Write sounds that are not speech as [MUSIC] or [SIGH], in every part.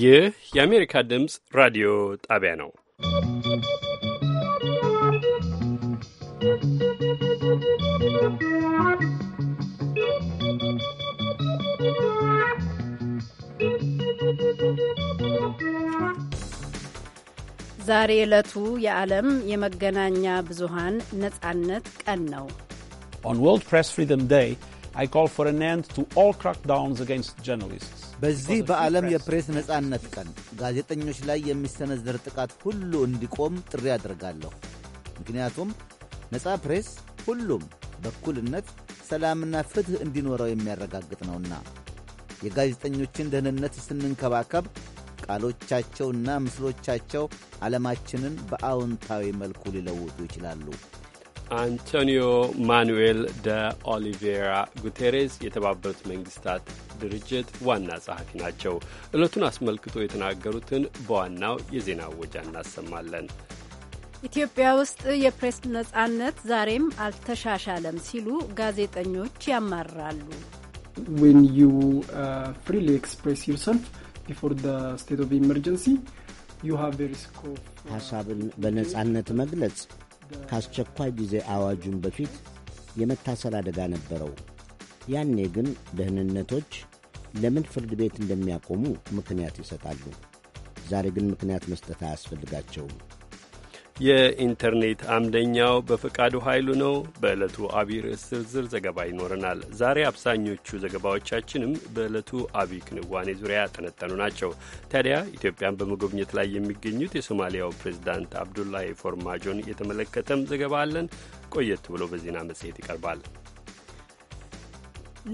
ይህ የአሜሪካ ድምፅ ራዲዮ ጣቢያ ነው። ዛሬ ዕለቱ የዓለም የመገናኛ ብዙሃን ነጻነት ቀን ነው። ኦን World Press Freedom Day በዚህ በዓለም የፕሬስ ነጻነት ቀን ጋዜጠኞች ላይ የሚሰነዘር ጥቃት ሁሉ እንዲቆም ጥሪ አድርጋለሁ። ምክንያቱም ነጻ ፕሬስ ሁሉም በኩልነት ሰላምና ፍትሕ እንዲኖረው የሚያረጋግጥ ነውና የጋዜጠኞችን ደህንነት ስንንከባከብ ቃሎቻቸውና ምስሎቻቸው ዓለማችንን በአዎንታዊ መልኩ ሊለውጡ ይችላሉ። አንቶኒዮ ማኑኤል ደ ኦሊቬራ ጉቴሬዝ የተባበሩት መንግስታት ድርጅት ዋና ጸሐፊ ናቸው። ዕለቱን አስመልክቶ የተናገሩትን በዋናው የዜና ወጃ እናሰማለን። ኢትዮጵያ ውስጥ የፕሬስ ነጻነት ዛሬም አልተሻሻለም ሲሉ ጋዜጠኞች ያማራሉ። ዌን ዩ ፍሪሊ ኤክስፕሬስ ዩርሰልፍ ቢፎር ስቴት ኦፍ ኢመርጀንሲ ሀሳብን በነጻነት መግለጽ ከአስቸኳይ ጊዜ አዋጁን በፊት የመታሰር አደጋ ነበረው። ያኔ ግን ደህንነቶች ለምን ፍርድ ቤት እንደሚያቆሙ ምክንያት ይሰጣሉ። ዛሬ ግን ምክንያት መስጠት አያስፈልጋቸውም። የኢንተርኔት አምደኛው በፈቃዱ ኃይሉ ነው። በዕለቱ አቢ ርዕስ ዝርዝር ዘገባ ይኖረናል። ዛሬ አብዛኞቹ ዘገባዎቻችንም በዕለቱ አቢ ክንዋኔ ዙሪያ ያጠነጠኑ ናቸው። ታዲያ ኢትዮጵያን በመጎብኘት ላይ የሚገኙት የሶማሊያው ፕሬዚዳንት አብዱላሂ ፎርማጆን የተመለከተም ዘገባ አለን። ቆየት ብሎ በዜና መጽሔት ይቀርባል።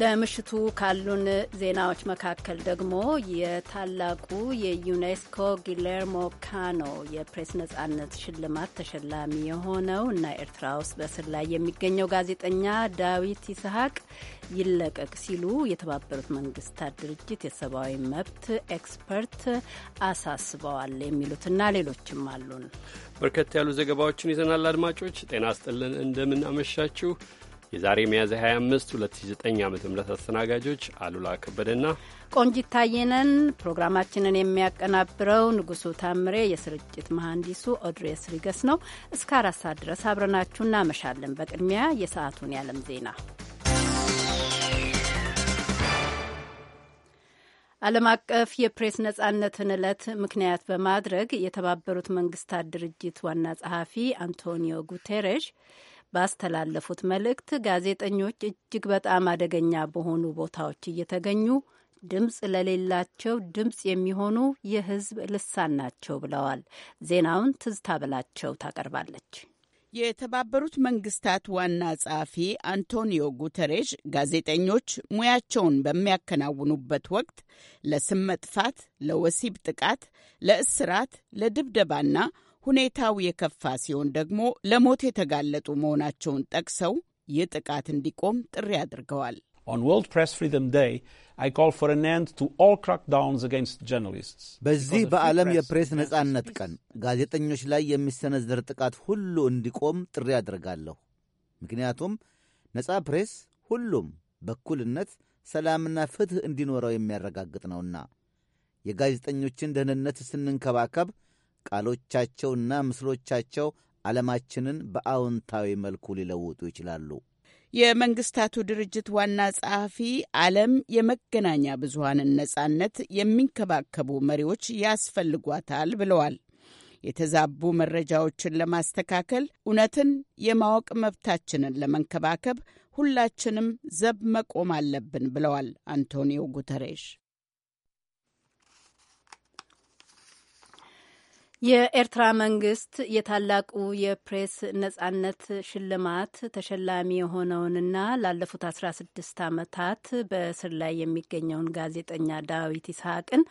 ለምሽቱ ካሉን ዜናዎች መካከል ደግሞ የታላቁ የዩኔስኮ ጊሌርሞ ካኖ የፕሬስ ነጻነት ሽልማት ተሸላሚ የሆነው እና ኤርትራ ውስጥ በእስር ላይ የሚገኘው ጋዜጠኛ ዳዊት ይስሐቅ ይለቀቅ ሲሉ የተባበሩት መንግስታት ድርጅት የሰብአዊ መብት ኤክስፐርት አሳስበዋል። የሚሉትና ሌሎችም አሉን። በርከት ያሉ ዘገባዎችን ይዘናል። አድማጮች ጤና ስጥልን፣ እንደምናመሻችሁ የዛሬ ሚያዝያ 25 2009 ዓ ም አስተናጋጆች አሉላ ከበደና ቆንጂት ታየነን። ፕሮግራማችንን የሚያቀናብረው ንጉሱ ታምሬ፣ የስርጭት መሐንዲሱ ኦድሬስ ሪገስ ነው። እስከ አራት ሰዓት ድረስ አብረናችሁ እናመሻለን። በቅድሚያ የሰዓቱን ያለም ዜና ዓለም አቀፍ የፕሬስ ነጻነትን ዕለት ምክንያት በማድረግ የተባበሩት መንግስታት ድርጅት ዋና ጸሐፊ አንቶኒዮ ጉቴሬሽ ባስተላለፉት መልእክት ጋዜጠኞች እጅግ በጣም አደገኛ በሆኑ ቦታዎች እየተገኙ ድምፅ ለሌላቸው ድምፅ የሚሆኑ የህዝብ ልሳን ናቸው ብለዋል። ዜናውን ትዝታ ብላቸው ታቀርባለች። የተባበሩት መንግስታት ዋና ጸሐፊ አንቶኒዮ ጉተሬሽ ጋዜጠኞች ሙያቸውን በሚያከናውኑበት ወቅት ለስም መጥፋት፣ ለወሲብ ጥቃት፣ ለእስራት፣ ለድብደባና ሁኔታው የከፋ ሲሆን ደግሞ ለሞት የተጋለጡ መሆናቸውን ጠቅሰው ይህ ጥቃት እንዲቆም ጥሪ አድርገዋል። በዚህ በዓለም የፕሬስ ነጻነት ቀን ጋዜጠኞች ላይ የሚሰነዘር ጥቃት ሁሉ እንዲቆም ጥሪ አድርጋለሁ። ምክንያቱም ነጻ ፕሬስ ሁሉም በኩልነት ሰላምና ፍትሕ እንዲኖረው የሚያረጋግጥ ነውና የጋዜጠኞችን ደህንነት ስንንከባከብ ቃሎቻቸውና ምስሎቻቸው ዓለማችንን በአዎንታዊ መልኩ ሊለውጡ ይችላሉ። የመንግስታቱ ድርጅት ዋና ጸሐፊ ዓለም የመገናኛ ብዙሃንን ነጻነት የሚንከባከቡ መሪዎች ያስፈልጓታል ብለዋል። የተዛቡ መረጃዎችን ለማስተካከል እውነትን የማወቅ መብታችንን ለመንከባከብ ሁላችንም ዘብ መቆም አለብን ብለዋል አንቶኒዮ ጉተሬሽ። የኤርትራ መንግስት የታላቁ የፕሬስ ነጻነት ሽልማት ተሸላሚ የሆነውንና ላለፉት አስራ ስድስት ዓመታት በእስር ላይ የሚገኘውን ጋዜጠኛ ዳዊት ይስሐቅን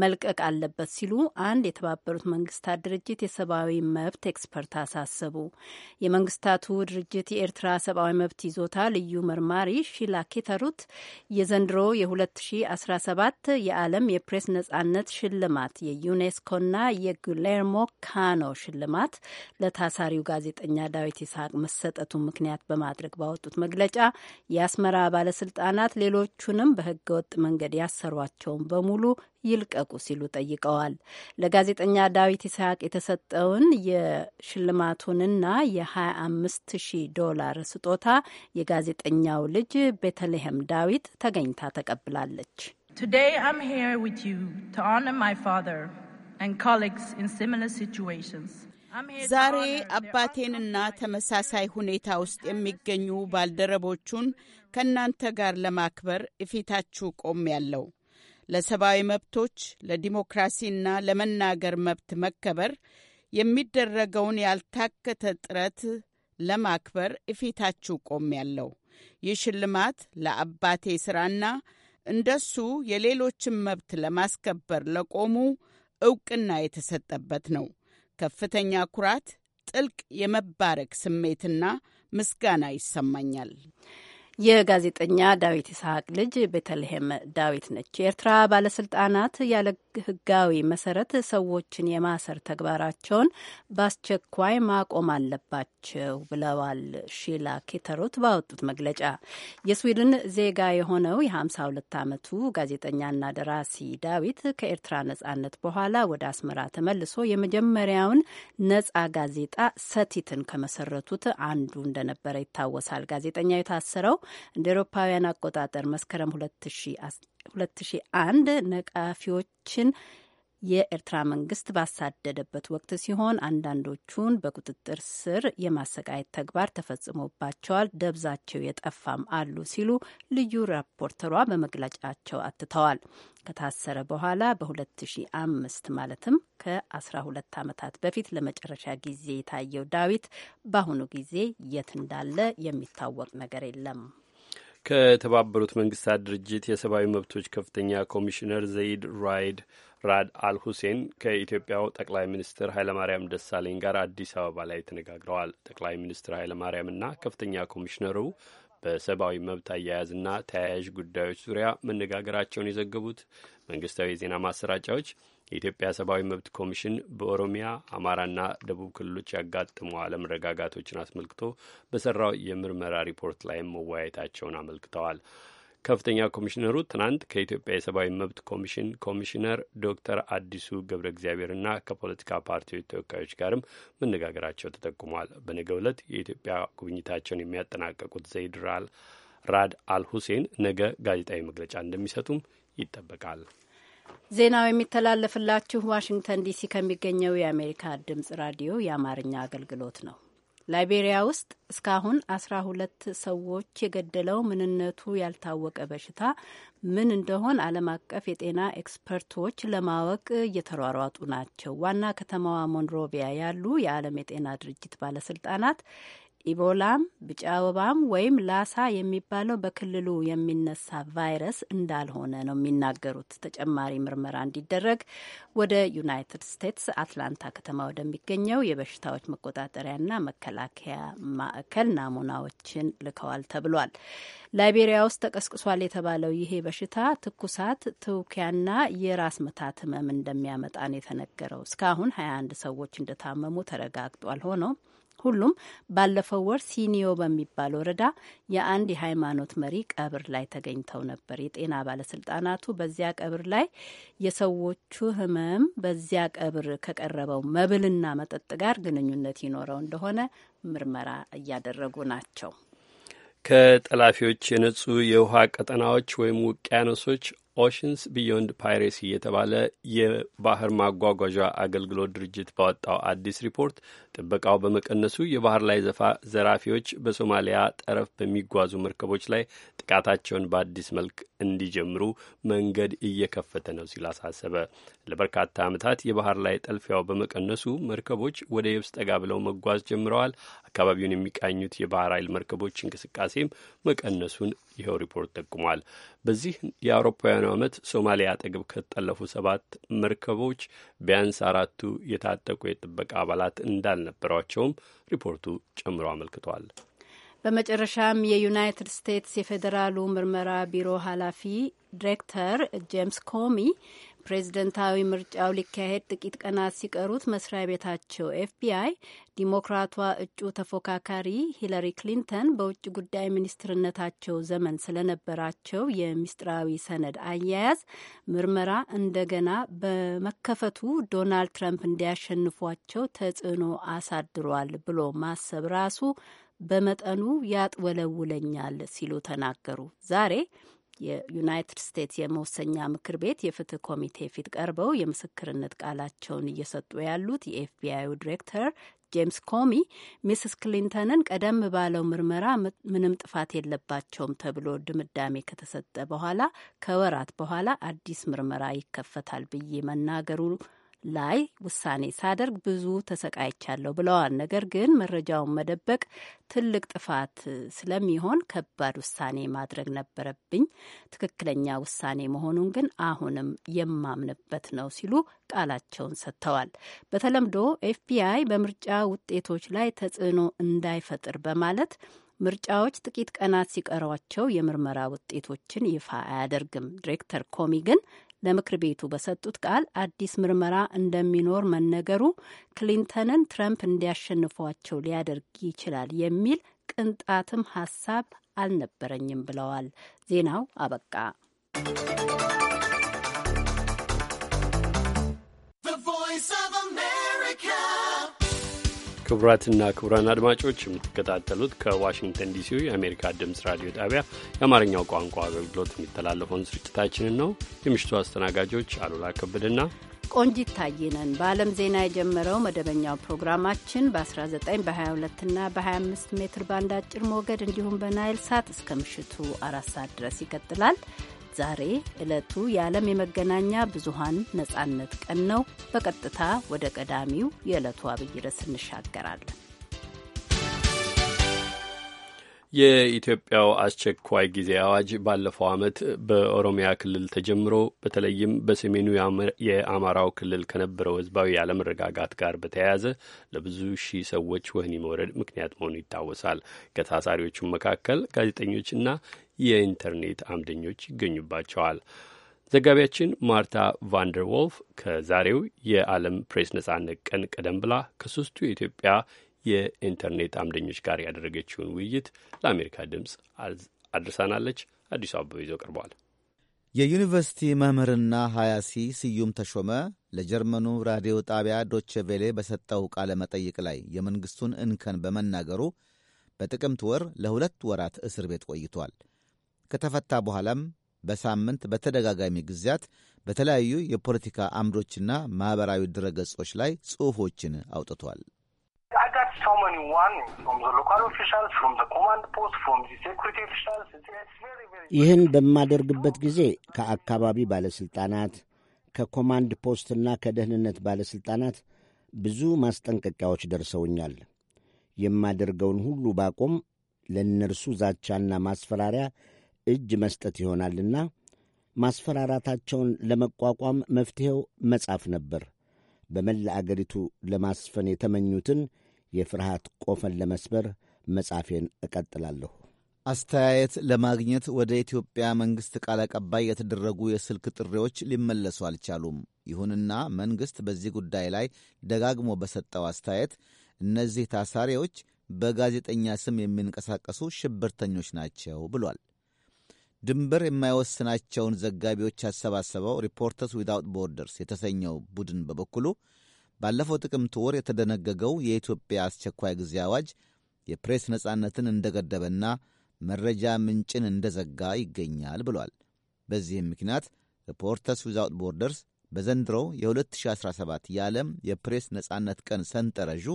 መልቀቅ አለበት ሲሉ አንድ የተባበሩት መንግስታት ድርጅት የሰብአዊ መብት ኤክስፐርት አሳሰቡ። የመንግስታቱ ድርጅት የኤርትራ ሰብአዊ መብት ይዞታ ልዩ መርማሪ ሺላ ኬተሩት የዘንድሮ የ2017 የዓለም የፕሬስ ነጻነት ሽልማት የዩኔስኮና የጉሌ ፓሌርሞ ካኖ ሽልማት ለታሳሪው ጋዜጠኛ ዳዊት ይስሐቅ መሰጠቱን ምክንያት በማድረግ ባወጡት መግለጫ የአስመራ ባለስልጣናት ሌሎቹንም በህገወጥ መንገድ ያሰሯቸውን በሙሉ ይልቀቁ ሲሉ ጠይቀዋል። ለጋዜጠኛ ዳዊት ይስሐቅ የተሰጠውን የሽልማቱንና የ25 ሺህ ዶላር ስጦታ የጋዜጠኛው ልጅ ቤተልሔም ዳዊት ተገኝታ ተቀብላለች። ዛሬ አባቴንና ተመሳሳይ ሁኔታ ውስጥ የሚገኙ ባልደረቦቹን ከእናንተ ጋር ለማክበር እፊታችሁ ቆም ያለው ለሰብአዊ መብቶች ለዲሞክራሲና ለመናገር መብት መከበር የሚደረገውን ያልታከተ ጥረት ለማክበር እፊታችሁ ቆም ያለው ይህ ሽልማት ለአባቴ ስራና እንደሱ የሌሎችን መብት ለማስከበር ለቆሙ እውቅና የተሰጠበት ነው። ከፍተኛ ኩራት፣ ጥልቅ የመባረክ ስሜትና ምስጋና ይሰማኛል። የጋዜጠኛ ዳዊት ይስሐቅ ልጅ ቤተልሔም ዳዊት ነች። የኤርትራ ባለስልጣናት ያለ ሕጋዊ መሰረት ሰዎችን የማሰር ተግባራቸውን በአስቸኳይ ማቆም አለባቸው ብለዋል ሺላ ኬተሮት ባወጡት መግለጫ። የስዊድን ዜጋ የሆነው የ52 ዓመቱ ጋዜጠኛና ደራሲ ዳዊት ከኤርትራ ነጻነት በኋላ ወደ አስመራ ተመልሶ የመጀመሪያውን ነጻ ጋዜጣ ሰቲትን ከመሰረቱት አንዱ እንደነበረ ይታወሳል። ጋዜጠኛ የታሰረው እንደ ኤሮፓውያን አቆጣጠር መስከረም 2001 ነቃፊዎችን የኤርትራ መንግስት ባሳደደበት ወቅት ሲሆን አንዳንዶቹን በቁጥጥር ስር የማሰቃየት ተግባር ተፈጽሞባቸዋል፣ ደብዛቸው የጠፋም አሉ ሲሉ ልዩ ራፖርተሯ በመግለጫቸው አትተዋል። ከታሰረ በኋላ በ2005 ማለትም ከ12 ዓመታት በፊት ለመጨረሻ ጊዜ የታየው ዳዊት በአሁኑ ጊዜ የት እንዳለ የሚታወቅ ነገር የለም። ከተባበሩት መንግስታት ድርጅት የሰብአዊ መብቶች ከፍተኛ ኮሚሽነር ዘይድ ራይድ ራድ አልሁሴን ከኢትዮጵያው ጠቅላይ ሚኒስትር ኃይለማርያም ደሳለኝ ጋር አዲስ አበባ ላይ ተነጋግረዋል። ጠቅላይ ሚኒስትር ኃይለማርያምና ከፍተኛ ኮሚሽነሩ በሰብአዊ መብት አያያዝና ተያያዥ ጉዳዮች ዙሪያ መነጋገራቸውን የዘገቡት መንግስታዊ የዜና ማሰራጫዎች የኢትዮጵያ ሰብአዊ መብት ኮሚሽን በኦሮሚያ አማራና ደቡብ ክልሎች ያጋጥሙ አለመረጋጋቶችን አስመልክቶ በሰራው የምርመራ ሪፖርት ላይም መወያየታቸውን አመልክተዋል። ከፍተኛ ኮሚሽነሩ ትናንት ከኢትዮጵያ የሰብአዊ መብት ኮሚሽን ኮሚሽነር ዶክተር አዲሱ ገብረ እግዚአብሔርና ከፖለቲካ ፓርቲዎች ተወካዮች ጋርም መነጋገራቸው ተጠቁሟል። በነገ ዕለት የኢትዮጵያ ጉብኝታቸውን የሚያጠናቀቁት ዘይድ ራድ አል ሁሴን ነገ ጋዜጣዊ መግለጫ እንደሚሰጡም ይጠበቃል። ዜናው የሚተላለፍላችሁ ዋሽንግተን ዲሲ ከሚገኘው የአሜሪካ ድምጽ ራዲዮ የአማርኛ አገልግሎት ነው። ላይቤሪያ ውስጥ እስካሁን አስራ ሁለት ሰዎች የገደለው ምንነቱ ያልታወቀ በሽታ ምን እንደሆን ዓለም አቀፍ የጤና ኤክስፐርቶች ለማወቅ እየተሯሯጡ ናቸው። ዋና ከተማዋ ሞንሮቪያ ያሉ የዓለም የጤና ድርጅት ባለስልጣናት ኢቦላም ብጫ ወባም ወይም ላሳ የሚባለው በክልሉ የሚነሳ ቫይረስ እንዳልሆነ ነው የሚናገሩት። ተጨማሪ ምርመራ እንዲደረግ ወደ ዩናይትድ ስቴትስ አትላንታ ከተማ ወደሚገኘው የበሽታዎች መቆጣጠሪያና መከላከያ ማዕከል ናሙናዎችን ልከዋል ተብሏል። ላይቤሪያ ውስጥ ተቀስቅሷል የተባለው ይሄ በሽታ ትኩሳት፣ ትውኪያና የራስ ምታት ህመም እንደሚያመጣ ነው የተነገረው። እስካሁን 21 ሰዎች እንደታመሙ ተረጋግጧል። ሆኖም ሁሉም ባለፈው ወር ሲኒዮ በሚባል ወረዳ የአንድ የሃይማኖት መሪ ቀብር ላይ ተገኝተው ነበር። የጤና ባለስልጣናቱ በዚያ ቀብር ላይ የሰዎቹ ህመም በዚያ ቀብር ከቀረበው መብልና መጠጥ ጋር ግንኙነት ይኖረው እንደሆነ ምርመራ እያደረጉ ናቸው። ከጠላፊዎች የነጹ የውሃ ቀጠናዎች ወይም ውቅያኖሶች ኦሽንስ ቢዮንድ ፓይሬሲ የተባለ የባህር ማጓጓዣ አገልግሎት ድርጅት ባወጣው አዲስ ሪፖርት ጥበቃው በመቀነሱ የባህር ላይ ዘራፊዎች በሶማሊያ ጠረፍ በሚጓዙ መርከቦች ላይ ጥቃታቸውን በአዲስ መልክ እንዲጀምሩ መንገድ እየከፈተ ነው ሲል አሳሰበ። ለበርካታ ዓመታት የባህር ላይ ጠልፊያው በመቀነሱ መርከቦች ወደ የብስ ጠጋ ብለው መጓዝ ጀምረዋል። አካባቢውን የሚቃኙት የባህር ኃይል መርከቦች እንቅስቃሴም መቀነሱን ይኸው ሪፖርት ጠቁሟል። በዚህ የአውሮፓውያኑ ዓመት ሶማሊያ አጠገብ ከተጠለፉ ሰባት መርከቦች ቢያንስ አራቱ የታጠቁ የጥበቃ አባላት እንዳል አልነበሯቸውም። ሪፖርቱ ጨምሮ አመልክቷል። በመጨረሻም የዩናይትድ ስቴትስ የፌዴራሉ ምርመራ ቢሮ ኃላፊ ዲሬክተር ጄምስ ኮሚ ፕሬዝደንታዊ ምርጫው ሊካሄድ ጥቂት ቀናት ሲቀሩት መስሪያ ቤታቸው ኤፍቢአይ ዲሞክራቷ እጩ ተፎካካሪ ሂለሪ ክሊንተን በውጭ ጉዳይ ሚኒስትርነታቸው ዘመን ስለነበራቸው የሚስጥራዊ ሰነድ አያያዝ ምርመራ እንደገና በመከፈቱ ዶናልድ ትራምፕ እንዲያሸንፏቸው ተጽዕኖ አሳድሯል ብሎ ማሰብ ራሱ በመጠኑ ያጥወለውለኛል ሲሉ ተናገሩ ዛሬ የዩናይትድ ስቴትስ የመወሰኛ ምክር ቤት የፍትህ ኮሚቴ ፊት ቀርበው የምስክርነት ቃላቸውን እየሰጡ ያሉት የኤፍቢአዩ ዲሬክተር ጄምስ ኮሚ ሚስስ ክሊንተንን ቀደም ባለው ምርመራ ምንም ጥፋት የለባቸውም ተብሎ ድምዳሜ ከተሰጠ በኋላ ከወራት በኋላ አዲስ ምርመራ ይከፈታል ብዬ መናገሩ ላይ ውሳኔ ሳደርግ ብዙ ተሰቃይቻለሁ ብለዋል። ነገር ግን መረጃውን መደበቅ ትልቅ ጥፋት ስለሚሆን ከባድ ውሳኔ ማድረግ ነበረብኝ። ትክክለኛ ውሳኔ መሆኑን ግን አሁንም የማምንበት ነው ሲሉ ቃላቸውን ሰጥተዋል። በተለምዶ ኤፍቢአይ በምርጫ ውጤቶች ላይ ተጽዕኖ እንዳይፈጥር በማለት ምርጫዎች ጥቂት ቀናት ሲቀሯቸው የምርመራ ውጤቶችን ይፋ አያደርግም። ዲሬክተር ኮሚ ግን ለምክር ቤቱ በሰጡት ቃል አዲስ ምርመራ እንደሚኖር መነገሩ ክሊንተንን ትረምፕ እንዲያሸንፏቸው ሊያደርግ ይችላል የሚል ቅንጣትም ሀሳብ አልነበረኝም ብለዋል። ዜናው አበቃ። ቮይስ ኦፍ አሜሪካ ክቡራትና ክቡራን አድማጮች የምትከታተሉት ከዋሽንግተን ዲሲ የአሜሪካ ድምፅ ራዲዮ ጣቢያ የአማርኛው ቋንቋ አገልግሎት የሚተላለፈውን ስርጭታችንን ነው። የምሽቱ አስተናጋጆች አሉላ ከበደና ቆንጂት ታየነን። በዓለም ዜና የጀመረው መደበኛው ፕሮግራማችን በ19 በ22ና በ25 ሜትር ባንድ አጭር ሞገድ እንዲሁም በናይል ሳት እስከ ምሽቱ አራት ሰዓት ድረስ ይቀጥላል። ዛሬ ዕለቱ የዓለም የመገናኛ ብዙሃን ነጻነት ቀን ነው። በቀጥታ ወደ ቀዳሚው የዕለቱ አብይ ርዕስ እንሻገራለን። የኢትዮጵያው አስቸኳይ ጊዜ አዋጅ ባለፈው ዓመት በኦሮሚያ ክልል ተጀምሮ በተለይም በሰሜኑ የአማራው ክልል ከነበረው ሕዝባዊ ያለመረጋጋት ጋር በተያያዘ ለብዙ ሺህ ሰዎች ወህኒ መውረድ ምክንያት መሆኑ ይታወሳል። ከታሳሪዎቹም መካከል ጋዜጠኞችና የኢንተርኔት አምደኞች ይገኙባቸዋል። ዘጋቢያችን ማርታ ቫንደርዎልፍ ከዛሬው የዓለም ፕሬስ ነጻነት ቀን ቀደም ብላ ከሶስቱ የኢትዮጵያ የኢንተርኔት አምደኞች ጋር ያደረገችውን ውይይት ለአሜሪካ ድምፅ አድርሳናለች። አዲሱ አበበ ይዞ ቀርቧል። የዩኒቨርሲቲ መምህርና ሀያሲ ስዩም ተሾመ ለጀርመኑ ራዲዮ ጣቢያ ዶቼ ቬሌ በሰጠው ቃለ መጠይቅ ላይ የመንግሥቱን እንከን በመናገሩ በጥቅምት ወር ለሁለት ወራት እስር ቤት ቆይቷል። ከተፈታ በኋላም በሳምንት በተደጋጋሚ ጊዜያት በተለያዩ የፖለቲካ አምዶችና ማኅበራዊ ድረገጾች ላይ ጽሑፎችን አውጥቷል። ይህን በማደርግበት ጊዜ ከአካባቢ ባለሥልጣናት፣ ከኮማንድ ፖስትና ከደህንነት ባለሥልጣናት ብዙ ማስጠንቀቂያዎች ደርሰውኛል። የማደርገውን ሁሉ ባቆም ለእነርሱ ዛቻና ማስፈራሪያ እጅ መስጠት ይሆናልና ማስፈራራታቸውን ለመቋቋም መፍትሔው መጻፍ ነበር። በመላ አገሪቱ ለማስፈን የተመኙትን የፍርሃት ቆፈን ለመስበር መጻፌን እቀጥላለሁ። አስተያየት ለማግኘት ወደ ኢትዮጵያ መንግሥት ቃል አቀባይ የተደረጉ የስልክ ጥሪዎች ሊመለሱ አልቻሉም። ይሁንና መንግሥት በዚህ ጉዳይ ላይ ደጋግሞ በሰጠው አስተያየት እነዚህ ታሳሪዎች በጋዜጠኛ ስም የሚንቀሳቀሱ ሽብርተኞች ናቸው ብሏል። ድንበር የማይወስናቸውን ዘጋቢዎች ያሰባሰበው ሪፖርተርስ ዊዛውት ቦርደርስ የተሰኘው ቡድን በበኩሉ ባለፈው ጥቅምት ወር የተደነገገው የኢትዮጵያ አስቸኳይ ጊዜ አዋጅ የፕሬስ ነጻነትን እንደገደበና መረጃ ምንጭን እንደዘጋ ይገኛል ብሏል። በዚህም ምክንያት ሪፖርተርስ ዊዛውት ቦርደርስ በዘንድሮው የ2017 የዓለም የፕሬስ ነጻነት ቀን ሰንጠረዡ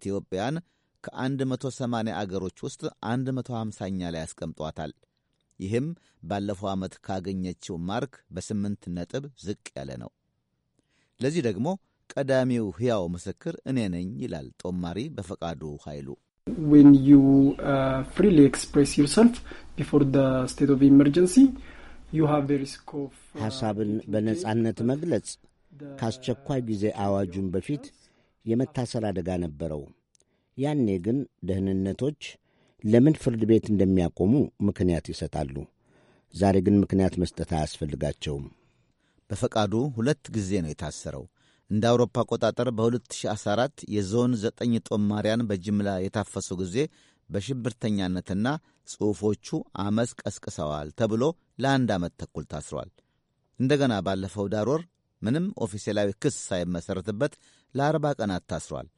ኢትዮጵያን ከ180 አገሮች ውስጥ 150ኛ ላይ ያስቀምጧታል። ይህም ባለፈው ዓመት ካገኘችው ማርክ በስምንት ነጥብ ዝቅ ያለ ነው። ለዚህ ደግሞ ቀዳሚው ሕያው ምስክር እኔ ነኝ ይላል ጦማሪ በፈቃዱ ኃይሉ። ዌን ዩ ፍሪሊ ኤክስፕሬስ ዩርሰልፍ ቢፎር ስቴት ኦፍ ኢመርጀንሲ ሐሳብን በነጻነት መግለጽ ከአስቸኳይ ጊዜ አዋጁን በፊት የመታሰር አደጋ ነበረው። ያኔ ግን ደህንነቶች ለምን ፍርድ ቤት እንደሚያቆሙ ምክንያት ይሰጣሉ። ዛሬ ግን ምክንያት መስጠት አያስፈልጋቸውም። በፈቃዱ ሁለት ጊዜ ነው የታሰረው። እንደ አውሮፓ አቆጣጠር በ2014 የዞን ዘጠኝ ጦማሪያን በጅምላ የታፈሱ ጊዜ በሽብርተኛነትና ጽሑፎቹ አመስ ቀስቅሰዋል ተብሎ ለአንድ ዓመት ተኩል ታስሯል። እንደገና ባለፈው ዳር ወር ምንም ኦፊሴላዊ ክስ ሳይመሠረትበት ለአርባ ቀናት ታስሯል።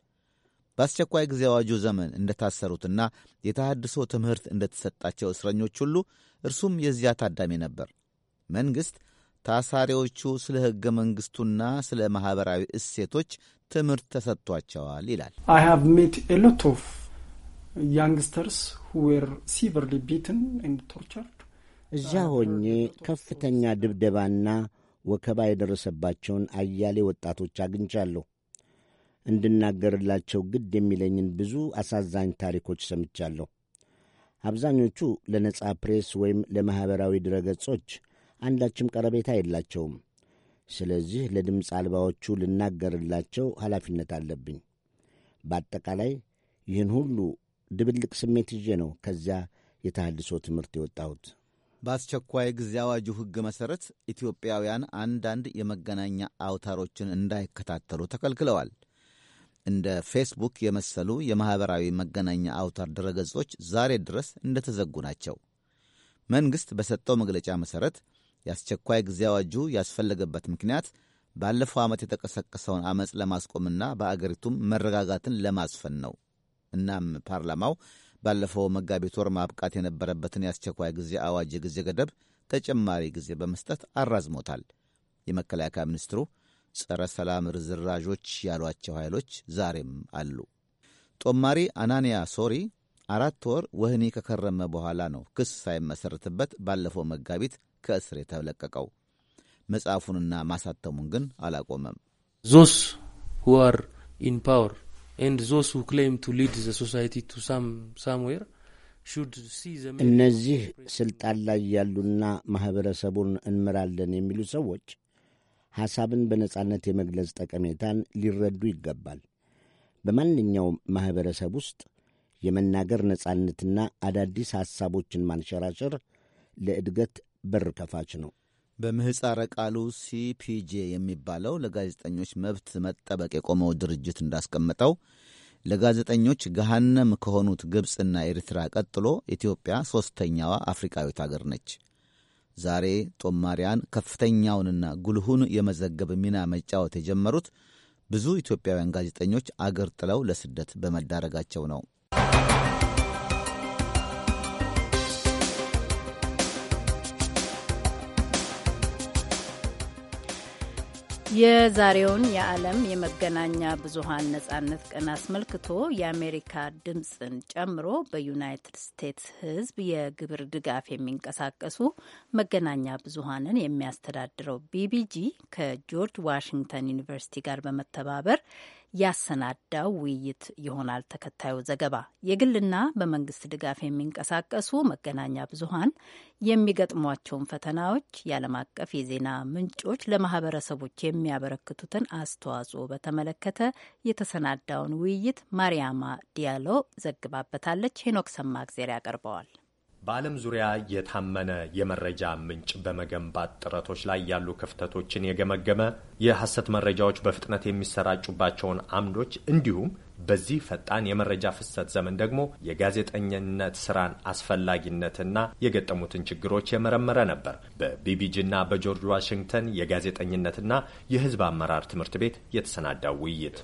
በአስቸኳይ ጊዜ አዋጁ ዘመን እንደታሰሩትና የተሃድሶ ትምህርት እንደተሰጣቸው እስረኞች ሁሉ እርሱም የዚያ ታዳሚ ነበር። መንግሥት ታሳሪዎቹ ስለ ሕገ መንግሥቱና ስለ ማኅበራዊ እሴቶች ትምህርት ተሰጥቷቸዋል ይላል። ያንግስተርስ ሲቨርሊ ቢትን ኤንድ ቶርቸርድ እዚያ uh, ሆኜ ከፍተኛ ድብደባና ወከባ የደረሰባቸውን አያሌ ወጣቶች አግኝቻለሁ። እንድናገርላቸው ግድ የሚለኝን ብዙ አሳዛኝ ታሪኮች ሰምቻለሁ። አብዛኞቹ ለነጻ ፕሬስ ወይም ለማኅበራዊ ድረገጾች አንዳችም ቀረቤታ የላቸውም። ስለዚህ ለድምፅ አልባዎቹ ልናገርላቸው ኃላፊነት አለብኝ። በአጠቃላይ ይህን ሁሉ ድብልቅ ስሜት ይዤ ነው ከዚያ የተሃድሶ ትምህርት የወጣሁት። በአስቸኳይ ጊዜ አዋጁ ሕግ መሠረት ኢትዮጵያውያን አንዳንድ የመገናኛ አውታሮችን እንዳይከታተሉ ተከልክለዋል። እንደ ፌስቡክ የመሰሉ የማኅበራዊ መገናኛ አውታር ድረገጾች ዛሬ ድረስ እንደተዘጉ ናቸው። መንግሥት በሰጠው መግለጫ መሠረት የአስቸኳይ ጊዜ አዋጁ ያስፈለገበት ምክንያት ባለፈው ዓመት የተቀሰቀሰውን ዐመፅ ለማስቆምና በአገሪቱም መረጋጋትን ለማስፈን ነው። እናም ፓርላማው ባለፈው መጋቢት ወር ማብቃት የነበረበትን የአስቸኳይ ጊዜ አዋጅ የጊዜ ገደብ ተጨማሪ ጊዜ በመስጠት አራዝሞታል። የመከላከያ ሚኒስትሩ ጸረ ሰላም ርዝራዦች ያሏቸው ኃይሎች ዛሬም አሉ። ጦማሪ አናንያ ሶሪ አራት ወር ወህኒ ከከረመ በኋላ ነው ክስ ሳይመሠረትበት ባለፈው መጋቢት ከእስር የተለቀቀው። መጽሐፉንና ማሳተሙን ግን አላቆመም። ዞስ ሁዋር ኢን ፓወር ኤንድ ዞስ ሁ ክሌም ቱ ሊድ ዘ ሶሳይቲ ቱ ሳምዌር እነዚህ ስልጣን ላይ ያሉና ማህበረሰቡን እንምራለን የሚሉ ሰዎች ሐሳብን በነጻነት የመግለጽ ጠቀሜታን ሊረዱ ይገባል። በማንኛውም ማኅበረሰብ ውስጥ የመናገር ነጻነትና አዳዲስ ሐሳቦችን ማንሸራሸር ለእድገት በር ከፋች ነው። በምህፃረ ቃሉ ሲፒጄ የሚባለው ለጋዜጠኞች መብት መጠበቅ የቆመው ድርጅት እንዳስቀመጠው ለጋዜጠኞች ገሃነም ከሆኑት ግብፅና ኤርትራ ቀጥሎ ኢትዮጵያ ሦስተኛዋ አፍሪካዊት አገር ነች። ዛሬ ጦማሪያን ከፍተኛውንና ጉልሁን የመዘገብ ሚና መጫወት የጀመሩት ብዙ ኢትዮጵያውያን ጋዜጠኞች አገር ጥለው ለስደት በመዳረጋቸው ነው። የዛሬውን የዓለም የመገናኛ ብዙሃን ነጻነት ቀን አስመልክቶ የአሜሪካ ድምፅን ጨምሮ በዩናይትድ ስቴትስ ሕዝብ የግብር ድጋፍ የሚንቀሳቀሱ መገናኛ ብዙሃንን የሚያስተዳድረው ቢቢጂ ከጆርጅ ዋሽንግተን ዩኒቨርሲቲ ጋር በመተባበር ያሰናዳው ውይይት ይሆናል። ተከታዩ ዘገባ የግልና በመንግስት ድጋፍ የሚንቀሳቀሱ መገናኛ ብዙሃን የሚገጥሟቸውን ፈተናዎች፣ የዓለም አቀፍ የዜና ምንጮች ለማህበረሰቦች የሚያበረክቱትን አስተዋጽኦ በተመለከተ የተሰናዳውን ውይይት ማርያማ ዲያሎ ዘግባበታለች። ሄኖክ ሰማእግዜር ያቀርበዋል። በዓለም ዙሪያ የታመነ የመረጃ ምንጭ በመገንባት ጥረቶች ላይ ያሉ ክፍተቶችን የገመገመ የሐሰት መረጃዎች በፍጥነት የሚሰራጩባቸውን አምዶች እንዲሁም በዚህ ፈጣን የመረጃ ፍሰት ዘመን ደግሞ የጋዜጠኝነት ስራን አስፈላጊነትና የገጠሙትን ችግሮች የመረመረ ነበር። በቢቢጂና በጆርጅ ዋሽንግተን የጋዜጠኝነትና የሕዝብ አመራር ትምህርት ቤት የተሰናዳው ውይይት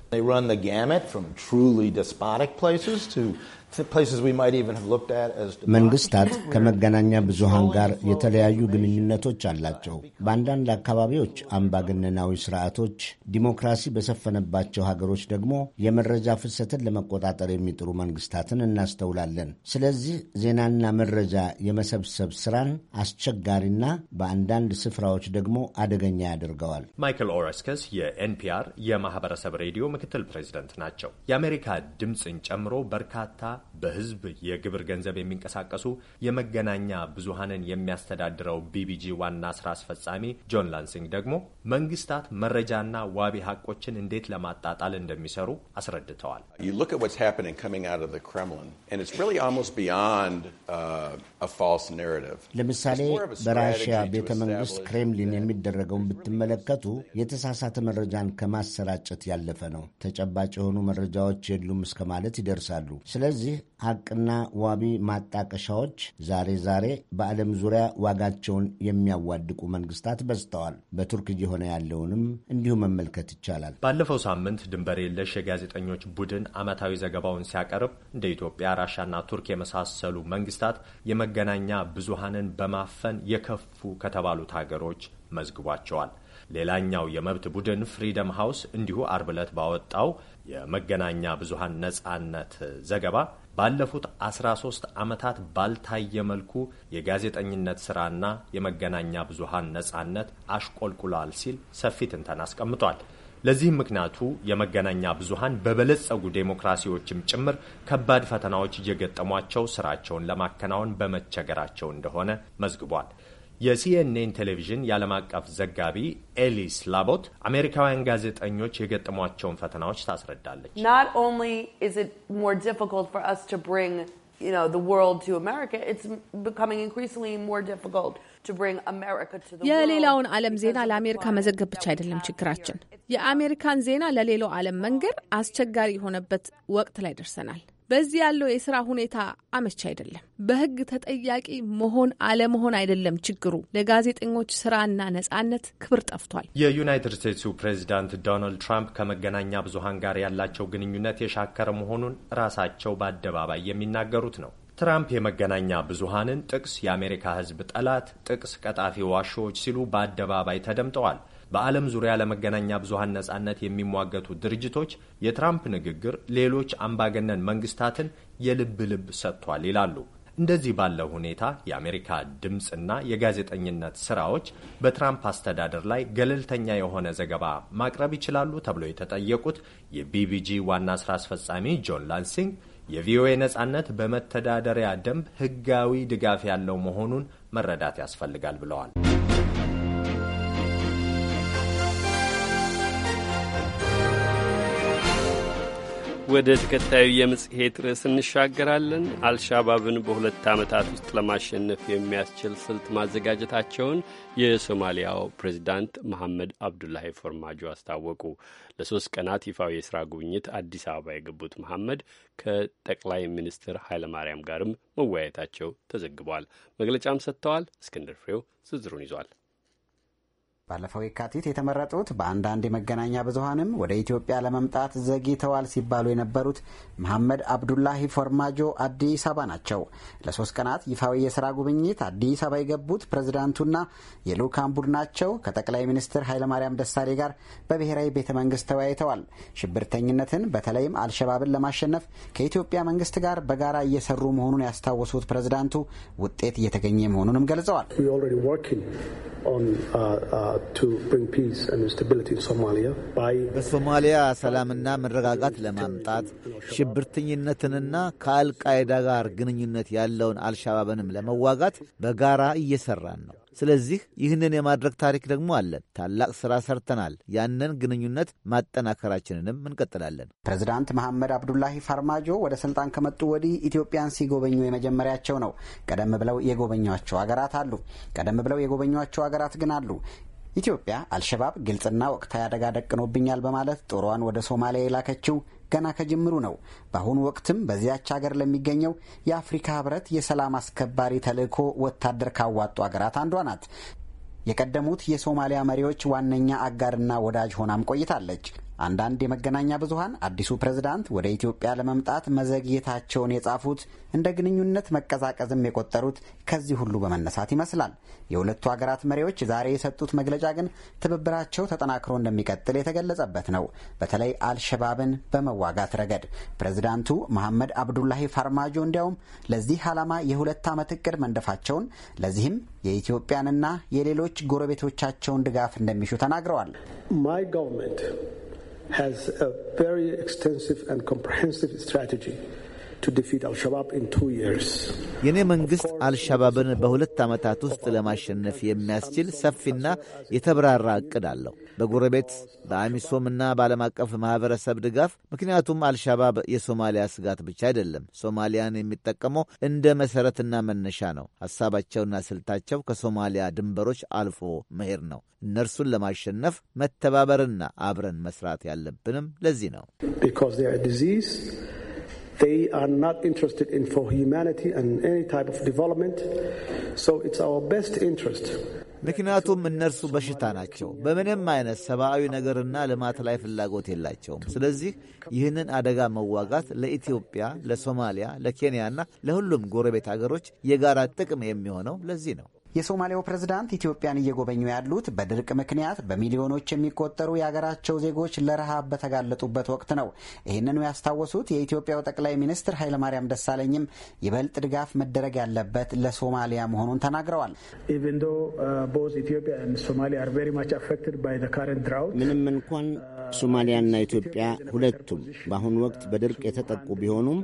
መንግስታት [LAUGHS] ከመገናኛ ብዙሃን ጋር የተለያዩ ግንኙነቶች አላቸው። በአንዳንድ አካባቢዎች አምባገነናዊ ስርዓቶች፣ ዲሞክራሲ በሰፈነባቸው ሀገሮች ደግሞ የመረጃ ፍሰትን ለመቆጣጠር የሚጥሩ መንግስታትን እናስተውላለን። ስለዚህ ዜናና መረጃ የመሰብሰብ ስራን አስቸጋሪና በአንዳንድ ስፍራዎች ደግሞ አደገኛ ያደርገዋል። ማይክል ኦረስከስ የኤንፒአር የማህበረሰብ ሬዲዮ ምክትል ፕሬዚደንት ናቸው። የአሜሪካ ድምፅን ጨምሮ በርካታ በህዝብ የግብር ገንዘብ የሚንቀሳቀሱ የመገናኛ ብዙሃንን የሚያስተዳድረው ቢቢጂ ዋና ስራ አስፈጻሚ ጆን ላንሲንግ ደግሞ መንግስታት መረጃና ዋቢ ሀቆችን እንዴት ለማጣጣል እንደሚሰሩ አስረድተዋል። uh, ለምሳሌ በራሽያ ቤተ መንግስት ክሬምሊን የሚደረገውን ብትመለከቱ የተሳሳተ መረጃን ከማሰራጨት ያለፈ ነው። ተጨባጭ የሆኑ መረጃዎች የሉም እስከ ማለት ይደርሳሉ። ስለዚህ እነዚህ ሐቅና ዋቢ ማጣቀሻዎች ዛሬ ዛሬ በዓለም ዙሪያ ዋጋቸውን የሚያዋድቁ መንግስታት በዝተዋል። በቱርክ እየሆነ ያለውንም እንዲሁ መመልከት ይቻላል። ባለፈው ሳምንት ድንበር የለሽ የጋዜጠኞች ቡድን ዓመታዊ ዘገባውን ሲያቀርብ እንደ ኢትዮጵያ፣ ራሻና ቱርክ የመሳሰሉ መንግስታት የመገናኛ ብዙሃንን በማፈን የከፉ ከተባሉት ሀገሮች መዝግቧቸዋል። ሌላኛው የመብት ቡድን ፍሪደም ሃውስ እንዲሁ አርብ ዕለት ባወጣው የመገናኛ ብዙሃን ነጻነት ዘገባ ባለፉት 13 ዓመታት ባልታየ መልኩ የጋዜጠኝነት ስራና የመገናኛ ብዙሃን ነጻነት አሽቆልቁሏል ሲል ሰፊ ትንተን አስቀምጧል። ለዚህም ምክንያቱ የመገናኛ ብዙሃን በበለጸጉ ዴሞክራሲዎችም ጭምር ከባድ ፈተናዎች እየገጠሟቸው ስራቸውን ለማከናወን በመቸገራቸው እንደሆነ መዝግቧል። የሲኤንኤን ቴሌቪዥን የዓለም አቀፍ ዘጋቢ ኤሊስ ላቦት አሜሪካውያን ጋዜጠኞች የገጠሟቸውን ፈተናዎች ታስረዳለች። የሌላውን ዓለም ዜና ለአሜሪካ መዘገብ ብቻ አይደለም ችግራችን። የአሜሪካን ዜና ለሌላው ዓለም መንገር አስቸጋሪ የሆነበት ወቅት ላይ ደርሰናል። በዚህ ያለው የስራ ሁኔታ አመች አይደለም። በህግ ተጠያቂ መሆን አለመሆን አይደለም ችግሩ። ለጋዜጠኞች ስራና ነጻነት ክብር ጠፍቷል። የዩናይትድ ስቴትሱ ፕሬዚዳንት ዶናልድ ትራምፕ ከመገናኛ ብዙሀን ጋር ያላቸው ግንኙነት የሻከረ መሆኑን ራሳቸው በአደባባይ የሚናገሩት ነው። ትራምፕ የመገናኛ ብዙሀንን ጥቅስ የአሜሪካ ህዝብ ጠላት፣ ጥቅስ ቀጣፊ ዋሾዎች ሲሉ በአደባባይ ተደምጠዋል። በዓለም ዙሪያ ለመገናኛ ብዙሀን ነጻነት የሚሟገቱ ድርጅቶች የትራምፕ ንግግር ሌሎች አምባገነን መንግስታትን የልብ ልብ ሰጥቷል ይላሉ። እንደዚህ ባለው ሁኔታ የአሜሪካ ድምፅና የጋዜጠኝነት ስራዎች በትራምፕ አስተዳደር ላይ ገለልተኛ የሆነ ዘገባ ማቅረብ ይችላሉ ተብለው የተጠየቁት የቢቢጂ ዋና ስራ አስፈጻሚ ጆን ላንሲንግ የቪኦኤ ነጻነት በመተዳደሪያ ደንብ ሕጋዊ ድጋፍ ያለው መሆኑን መረዳት ያስፈልጋል ብለዋል። ወደ ተከታዩ የመጽሔት ርዕስ እንሻገራለን። አልሻባብን በሁለት ዓመታት ውስጥ ለማሸነፍ የሚያስችል ስልት ማዘጋጀታቸውን የሶማሊያው ፕሬዚዳንት መሐመድ አብዱላሂ ፎርማጆ አስታወቁ። ለሶስት ቀናት ይፋዊ የሥራ ጉብኝት አዲስ አበባ የገቡት መሐመድ ከጠቅላይ ሚኒስትር ኃይለማርያም ጋርም መወያየታቸው ተዘግቧል። መግለጫም ሰጥተዋል። እስክንድር ፍሬው ዝርዝሩን ይዟል። ባለፈው የካቲት የተመረጡት በአንዳንድ የመገናኛ ብዙሀንም ወደ ኢትዮጵያ ለመምጣት ዘግይተዋል ሲባሉ የነበሩት መሐመድ አብዱላሂ ፎርማጆ አዲስ አበባ ናቸው። ለሶስት ቀናት ይፋዊ የስራ ጉብኝት አዲስ አበባ የገቡት ፕሬዝዳንቱና የልዑካን ቡድናቸው ከጠቅላይ ሚኒስትር ኃይለማርያም ደሳሌ ጋር በብሔራዊ ቤተ መንግስት ተወያይተዋል። ሽብርተኝነትን በተለይም አልሸባብን ለማሸነፍ ከኢትዮጵያ መንግስት ጋር በጋራ እየሰሩ መሆኑን ያስታወሱት ፕሬዝዳንቱ ውጤት እየተገኘ መሆኑንም ገልጸዋል። Uh, በሶማሊያ ሰላምና መረጋጋት ለማምጣት ሽብርተኝነትንና ከአልቃይዳ ጋር ግንኙነት ያለውን አልሻባብንም ለመዋጋት በጋራ እየሰራን ነው። ስለዚህ ይህንን የማድረግ ታሪክ ደግሞ አለን። ታላቅ ስራ ሰርተናል። ያንን ግንኙነት ማጠናከራችንንም እንቀጥላለን። ፕሬዚዳንት መሐመድ አብዱላሂ ፋርማጆ ወደ ስልጣን ከመጡ ወዲህ ኢትዮጵያን ሲጎበኙ የመጀመሪያቸው ነው። ቀደም ብለው የጎበኟቸው ሀገራት አሉ። ቀደም ብለው የጎበኟቸው ሀገራት ግን አሉ። ኢትዮጵያ አልሸባብ ግልጽና ወቅታዊ አደጋ ደቅኖብኛል በማለት ጦሯን ወደ ሶማሊያ የላከችው ገና ከጅምሩ ነው። በአሁኑ ወቅትም በዚያች ሀገር ለሚገኘው የአፍሪካ ሕብረት የሰላም አስከባሪ ተልዕኮ ወታደር ካዋጡ ሀገራት አንዷ ናት። የቀደሙት የሶማሊያ መሪዎች ዋነኛ አጋርና ወዳጅ ሆናም ቆይታለች። አንዳንድ የመገናኛ ብዙሃን አዲሱ ፕሬዝዳንት ወደ ኢትዮጵያ ለመምጣት መዘግየታቸውን የጻፉት እንደ ግንኙነት መቀዛቀዝም የቆጠሩት ከዚህ ሁሉ በመነሳት ይመስላል። የሁለቱ ሀገራት መሪዎች ዛሬ የሰጡት መግለጫ ግን ትብብራቸው ተጠናክሮ እንደሚቀጥል የተገለጸበት ነው። በተለይ አልሸባብን በመዋጋት ረገድ ፕሬዝዳንቱ መሐመድ አብዱላሂ ፋርማጆ እንዲያውም ለዚህ ዓላማ የሁለት ዓመት እቅድ መንደፋቸውን ለዚህም የኢትዮጵያንና የሌሎች ጎረቤቶቻቸውን ድጋፍ እንደሚሹ ተናግረዋል። has a very extensive and comprehensive strategy የእኔ መንግሥት አልሻባብን በሁለት ዓመታት ውስጥ ለማሸነፍ የሚያስችል ሰፊና የተብራራ ዕቅድ አለው በጎረቤት በአሚሶምና በዓለም አቀፍ ማኅበረሰብ ድጋፍ። ምክንያቱም አልሻባብ የሶማሊያ ስጋት ብቻ አይደለም። ሶማሊያን የሚጠቀመው እንደ መሠረትና መነሻ ነው። ሐሳባቸውና ስልታቸው ከሶማሊያ ድንበሮች አልፎ መሄድ ነው። እነርሱን ለማሸነፍ መተባበርና አብረን መሥራት ያለብንም ለዚህ ነው። They are not interested in for humanity and any type of development. So it's our best interest. ምክንያቱም እነርሱ በሽታ ናቸው። በምንም አይነት ሰብአዊ ነገርና ልማት ላይ ፍላጎት የላቸውም። ስለዚህ ይህንን አደጋ መዋጋት ለኢትዮጵያ፣ ለሶማሊያ፣ ለኬንያና ለሁሉም ጎረቤት አገሮች የጋራ ጥቅም የሚሆነው ለዚህ ነው። የሶማሊያው ፕሬዝዳንት ኢትዮጵያን እየጎበኙ ያሉት በድርቅ ምክንያት በሚሊዮኖች የሚቆጠሩ የሀገራቸው ዜጎች ለረሃብ በተጋለጡበት ወቅት ነው። ይህንኑ ያስታወሱት የኢትዮጵያው ጠቅላይ ሚኒስትር ኃይለማርያም ደሳለኝም ይበልጥ ድጋፍ መደረግ ያለበት ለሶማሊያ መሆኑን ተናግረዋል። uh, ምንም እንኳን uh, ሶማሊያና ኢትዮጵያ ሁለቱም በአሁኑ ወቅት በድርቅ የተጠቁ ቢሆኑም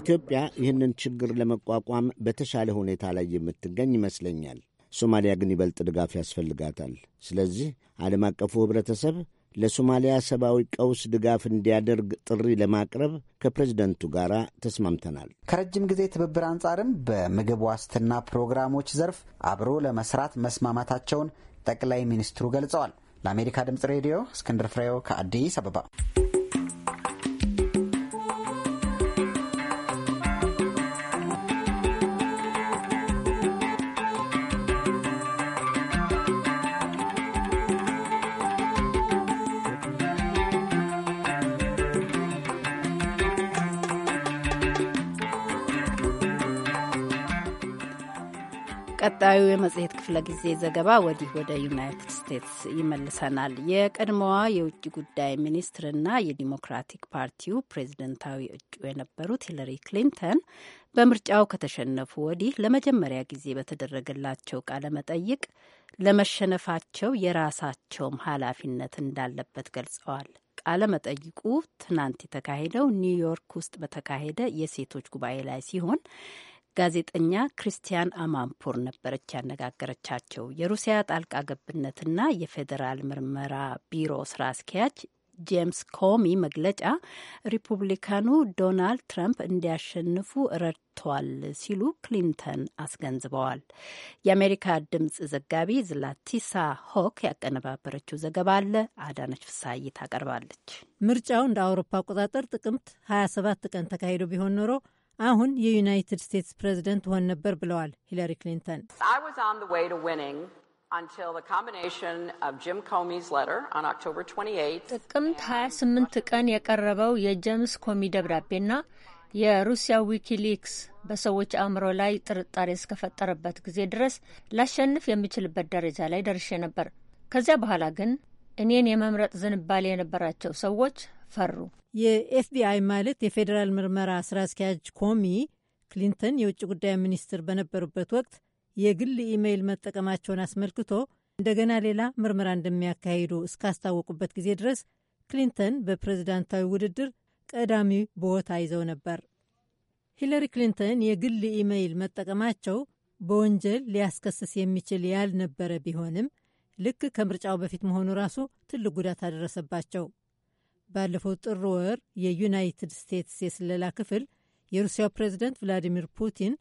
ኢትዮጵያ ይህንን ችግር ለመቋቋም በተሻለ ሁኔታ ላይ የምትገኝ ይመስለኛል። ሶማሊያ ግን ይበልጥ ድጋፍ ያስፈልጋታል። ስለዚህ ዓለም አቀፉ ኅብረተሰብ ለሶማሊያ ሰብአዊ ቀውስ ድጋፍ እንዲያደርግ ጥሪ ለማቅረብ ከፕሬዝደንቱ ጋር ተስማምተናል። ከረጅም ጊዜ ትብብር አንጻርም በምግብ ዋስትና ፕሮግራሞች ዘርፍ አብሮ ለመስራት መስማማታቸውን ጠቅላይ ሚኒስትሩ ገልጸዋል። ለአሜሪካ ድምፅ ሬዲዮ እስክንድር ፍሬው ከአዲስ አበባ ቀጣዩ የመጽሔት ክፍለ ጊዜ ዘገባ ወዲህ ወደ ዩናይትድ ስቴትስ ይመልሰናል። የቀድሞዋ የውጭ ጉዳይ ሚኒስትርና የዲሞክራቲክ ፓርቲው ፕሬዝደንታዊ እጩ የነበሩት ሂለሪ ክሊንተን በምርጫው ከተሸነፉ ወዲህ ለመጀመሪያ ጊዜ በተደረገላቸው ቃለ መጠይቅ ለመሸነፋቸው የራሳቸውም ኃላፊነት እንዳለበት ገልጸዋል። ቃለ መጠይቁ ትናንት የተካሄደው ኒውዮርክ ውስጥ በተካሄደ የሴቶች ጉባኤ ላይ ሲሆን ጋዜጠኛ ክርስቲያን አማንፖር ነበረች ያነጋገረቻቸው። የሩሲያ ጣልቃ ገብነትና የፌዴራል ምርመራ ቢሮ ስራ አስኪያጅ ጄምስ ኮሚ መግለጫ ሪፑብሊካኑ ዶናልድ ትራምፕ እንዲያሸንፉ ረድቷል ሲሉ ክሊንተን አስገንዝበዋል። የአሜሪካ ድምፅ ዘጋቢ ዝላቲሳ ሆክ ያቀነባበረችው ዘገባ አለ አዳነች ፍሳይ ታቀርባለች። ምርጫው እንደ አውሮፓ አቆጣጠር ጥቅምት 27 ቀን ተካሂዶ ቢሆን ኖሮ አሁን የዩናይትድ ስቴትስ ፕሬዝደንት ሆን ነበር ብለዋል ሂለሪ ክሊንተን። ጥቅምት 28 ቀን የቀረበው የጄምስ ኮሚ ደብዳቤና የሩሲያ ዊኪሊክስ በሰዎች አእምሮ ላይ ጥርጣሬ እስከፈጠረበት ጊዜ ድረስ ላሸንፍ የምችልበት ደረጃ ላይ ደርሼ ነበር። ከዚያ በኋላ ግን እኔን የመምረጥ ዝንባሌ የነበራቸው ሰዎች ፈሩ። የኤፍቢአይ ማለት የፌዴራል ምርመራ ስራ አስኪያጅ ኮሚ ክሊንተን የውጭ ጉዳይ ሚኒስትር በነበሩበት ወቅት የግል ኢሜይል መጠቀማቸውን አስመልክቶ እንደገና ሌላ ምርመራ እንደሚያካሂዱ እስካስታወቁበት ጊዜ ድረስ ክሊንተን በፕሬዝዳንታዊ ውድድር ቀዳሚ ቦታ ይዘው ነበር። ሂለሪ ክሊንተን የግል ኢሜይል መጠቀማቸው በወንጀል ሊያስከስስ የሚችል ያልነበረ ቢሆንም ልክ ከምርጫው በፊት መሆኑ ራሱ ትልቅ ጉዳት አደረሰባቸው። ባለፈው ጥር ወር የዩናይትድ ስቴትስ የስለላ ክፍል የሩሲያው ፕሬዚደንት ቭላዲሚር ፑቲን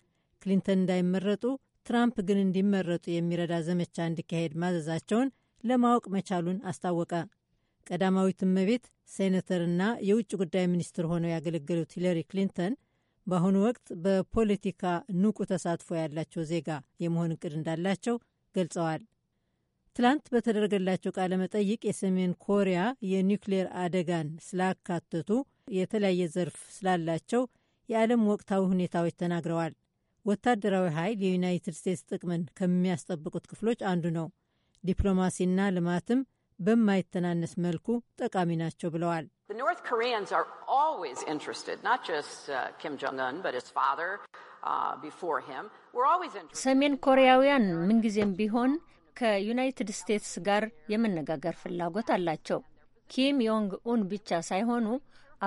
ክሊንተን እንዳይመረጡ ትራምፕ ግን እንዲመረጡ የሚረዳ ዘመቻ እንዲካሄድ ማዘዛቸውን ለማወቅ መቻሉን አስታወቀ። ቀዳማዊት እመቤት ሴኔተርና የውጭ ጉዳይ ሚኒስትር ሆነው ያገለገሉት ሂለሪ ክሊንተን በአሁኑ ወቅት በፖለቲካ ንቁ ተሳትፎ ያላቸው ዜጋ የመሆን እቅድ እንዳላቸው ገልጸዋል። ትላንት በተደረገላቸው ቃለ መጠይቅ የሰሜን ኮሪያ የኒውክሌር አደጋን ስላካተቱ የተለያየ ዘርፍ ስላላቸው የዓለም ወቅታዊ ሁኔታዎች ተናግረዋል። ወታደራዊ ኃይል የዩናይትድ ስቴትስ ጥቅምን ከሚያስጠብቁት ክፍሎች አንዱ ነው። ዲፕሎማሲና ልማትም በማይተናነስ መልኩ ጠቃሚ ናቸው ብለዋል። uh, uh, ሰሜን ኮሪያውያን ምንጊዜም ቢሆን ከዩናይትድ ስቴትስ ጋር የመነጋገር ፍላጎት አላቸው። ኪም ዮንግ ኡን ብቻ ሳይሆኑ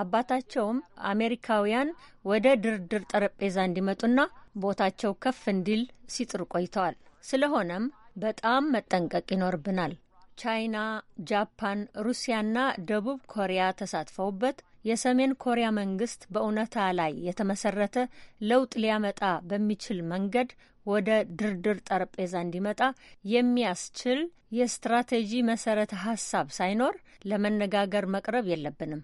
አባታቸውም አሜሪካውያን ወደ ድርድር ጠረጴዛ እንዲመጡና ቦታቸው ከፍ እንዲል ሲጥሩ ቆይተዋል። ስለሆነም በጣም መጠንቀቅ ይኖርብናል። ቻይና፣ ጃፓን፣ ሩሲያና ደቡብ ኮሪያ ተሳትፈውበት የሰሜን ኮሪያ መንግስት በእውነታ ላይ የተመሰረተ ለውጥ ሊያመጣ በሚችል መንገድ ወደ ድርድር ጠረጴዛ እንዲመጣ የሚያስችል የስትራቴጂ መሰረተ ሀሳብ ሳይኖር ለመነጋገር መቅረብ የለብንም።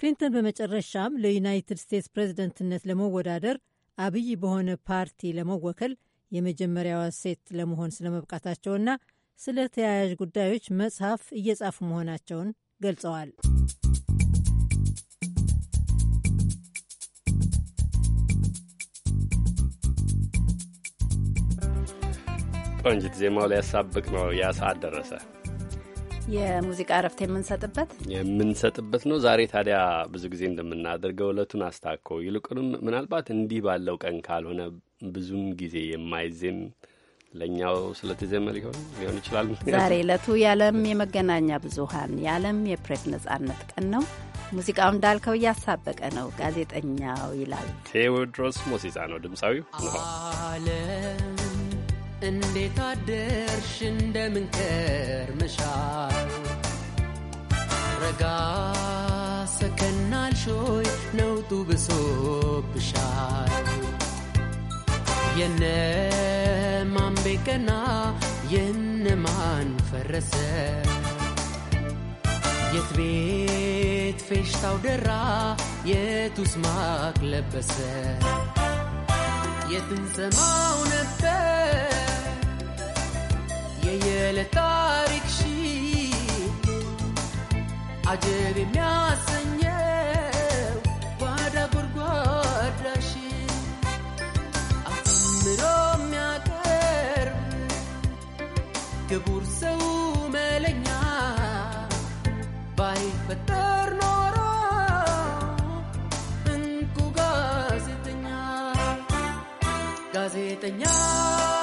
ክሊንተን በመጨረሻም ለዩናይትድ ስቴትስ ፕሬዝደንትነት ለመወዳደር አብይ በሆነ ፓርቲ ለመወከል የመጀመሪያዋ ሴት ለመሆን ስለመብቃታቸውና ስለ ተያያዥ ጉዳዮች መጽሐፍ እየጻፉ መሆናቸውን ገልጸዋል። ቆንጅት ዜማው ሊያሳብቅ ነው። ያ ሰዓት ደረሰ። የሙዚቃ እረፍት የምንሰጥበት የምንሰጥበት ነው። ዛሬ ታዲያ ብዙ ጊዜ እንደምናደርገው እለቱን አስታኮ ይልቁንም ምናልባት እንዲህ ባለው ቀን ካልሆነ ብዙም ጊዜ የማይዜም ለእኛው ስለተዜመ ሊሆን ሊሆን ይችላል። ዛሬ እለቱ የዓለም የመገናኛ ብዙሀን የዓለም የፕሬስ ነጻነት ቀን ነው። ሙዚቃው እንዳልከው እያሳበቀ ነው። ጋዜጠኛው ይላል ቴዎድሮስ ሞሲሳ ነው ድምፃዊው ነው። እንዴት አደርሽ እንደምን ከርመሻል? ረጋ ሾይ ነውጡ ብሶብሻል። የነማን የነ ማን ፈረሰ? የት ቤት ፌሽታው ደራ የቱስማክ ለበሰ? የትንሰማው ነበር የየለ ታሪክሽ አጀብ የሚያሰኝ 等呀。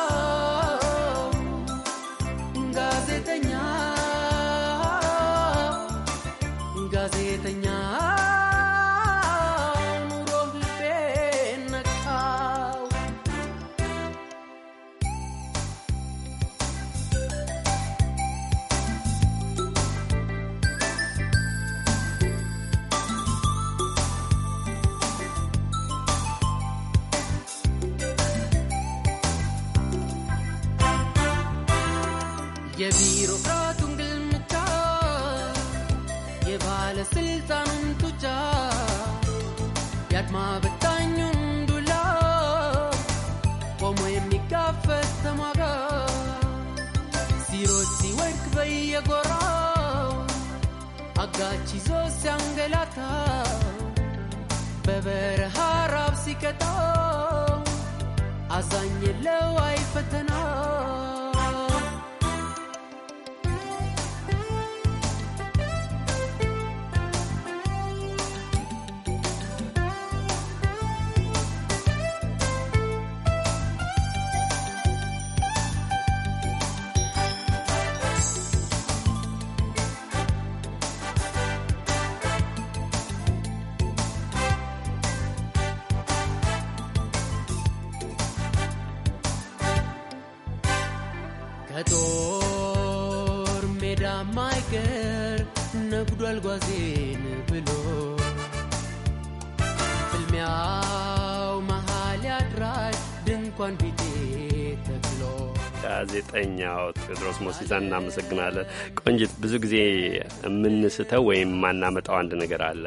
ለዛ እናመሰግናለን። ቆንጅት፣ ብዙ ጊዜ የምንስተው ወይም የማናመጣው አንድ ነገር አለ።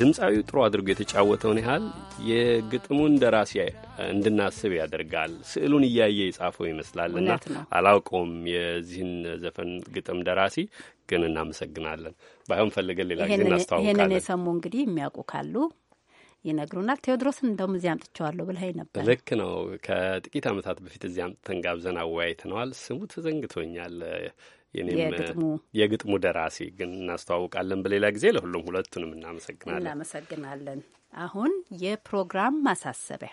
ድምፃዊው ጥሩ አድርጎ የተጫወተውን ያህል የግጥሙን ደራሲ እንድናስብ ያደርጋል። ስዕሉን እያየ የጻፈው ይመስላል እና አላውቀውም የዚህን ዘፈን ግጥም ደራሲ ግን እናመሰግናለን። ባይሆን ፈልገን ሌላ ጊዜ እናስተዋውቃለን። ይህንን የሰሙ እንግዲህ የሚያውቁ ካሉ ይነግሩናል። ቴዎድሮስን እንደውም እዚህ አምጥቸዋለሁ ብለህ ነበር። ልክ ነው። ከጥቂት ዓመታት በፊት እዚህ አምጥተን ጋብዘን አወያይተነዋል። ስሙ ተዘንግቶኛል። የግጥሙ ደራሲ ግን እናስተዋውቃለን በሌላ ጊዜ። ለሁሉም ሁለቱንም እናመሰግናለን። እናመሰግናለን። አሁን የፕሮግራም ማሳሰቢያ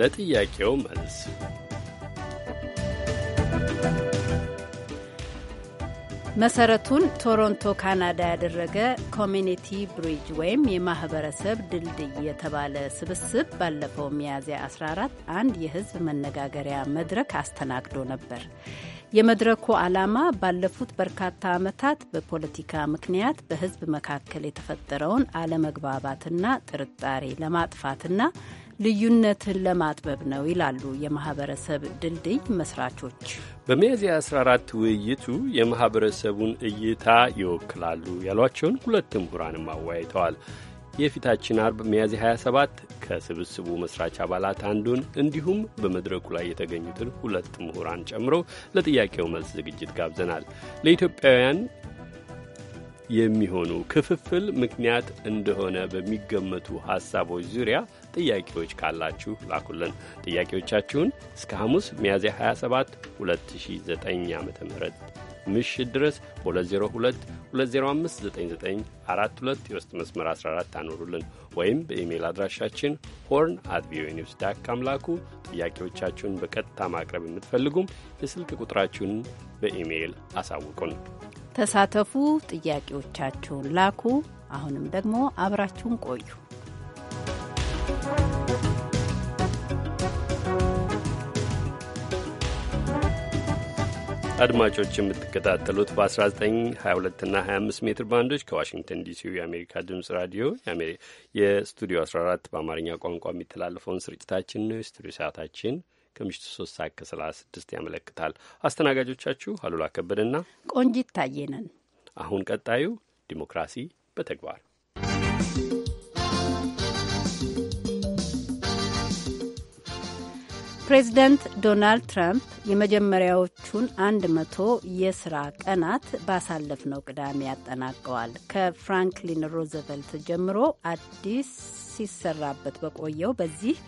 ለጥያቄው መልስ መሰረቱን ቶሮንቶ ካናዳ ያደረገ ኮሚኒቲ ብሪጅ ወይም የማህበረሰብ ድልድይ የተባለ ስብስብ ባለፈው ሚያዝያ 14 አንድ የህዝብ መነጋገሪያ መድረክ አስተናግዶ ነበር። የመድረኩ ዓላማ ባለፉት በርካታ ዓመታት በፖለቲካ ምክንያት በህዝብ መካከል የተፈጠረውን አለመግባባትና ጥርጣሬ ለማጥፋትና ልዩነትን ለማጥበብ ነው ይላሉ የማህበረሰብ ድልድይ መስራቾች። በሚያዝያ 14 ውይይቱ የማህበረሰቡን እይታ ይወክላሉ ያሏቸውን ሁለት ምሁራንም አወያይተዋል። የፊታችን አርብ ሚያዝያ 27 ከስብስቡ መስራች አባላት አንዱን እንዲሁም በመድረኩ ላይ የተገኙትን ሁለት ምሁራን ጨምሮ ለጥያቄው መልስ ዝግጅት ጋብዘናል። ለኢትዮጵያውያን የሚሆኑ ክፍፍል ምክንያት እንደሆነ በሚገመቱ ሀሳቦች ዙሪያ ጥያቄዎች ካላችሁ ላኩልን። ጥያቄዎቻችሁን እስከ ሐሙስ ሚያዝያ 27 2009 ዓ ም ምሽት ድረስ በ2022059942 የውስጥ መስመር 14 አኖሩልን ወይም በኢሜይል አድራሻችን ሆርን አት ቪኦኤ ኒውስ ዳት ጥያቄዎቻችሁን በቀጥታ ማቅረብ የምትፈልጉም የስልክ ቁጥራችሁን በኢሜይል አሳውቁን። ተሳተፉ፣ ጥያቄዎቻችሁን ላኩ። አሁንም ደግሞ አብራችሁን ቆዩ። አድማጮች የምትከታተሉት በ1922 እና 25 ሜትር ባንዶች ከዋሽንግተን ዲሲ የአሜሪካ ድምፅ ራዲዮ የስቱዲዮ 14 በአማርኛ ቋንቋ የሚተላለፈውን ስርጭታችን ነው። የስቱዲዮ ሰዓታችን ከምሽቱ 3 ሰዓት ከ36 ያመለክታል። አስተናጋጆቻችሁ አሉላ ከበደና ቆንጂት ታየነን። አሁን ቀጣዩ ዲሞክራሲ በተግባር ፕሬዚደንት ዶናልድ ትራምፕ የመጀመሪያዎቹን አንድ መቶ የስራ ቀናት ባሳለፍነው ቅዳሜ ያጠናቀዋል። ከፍራንክሊን ሮዘቨልት ጀምሮ አዲስ ሲሰራበት በቆየው በዚህ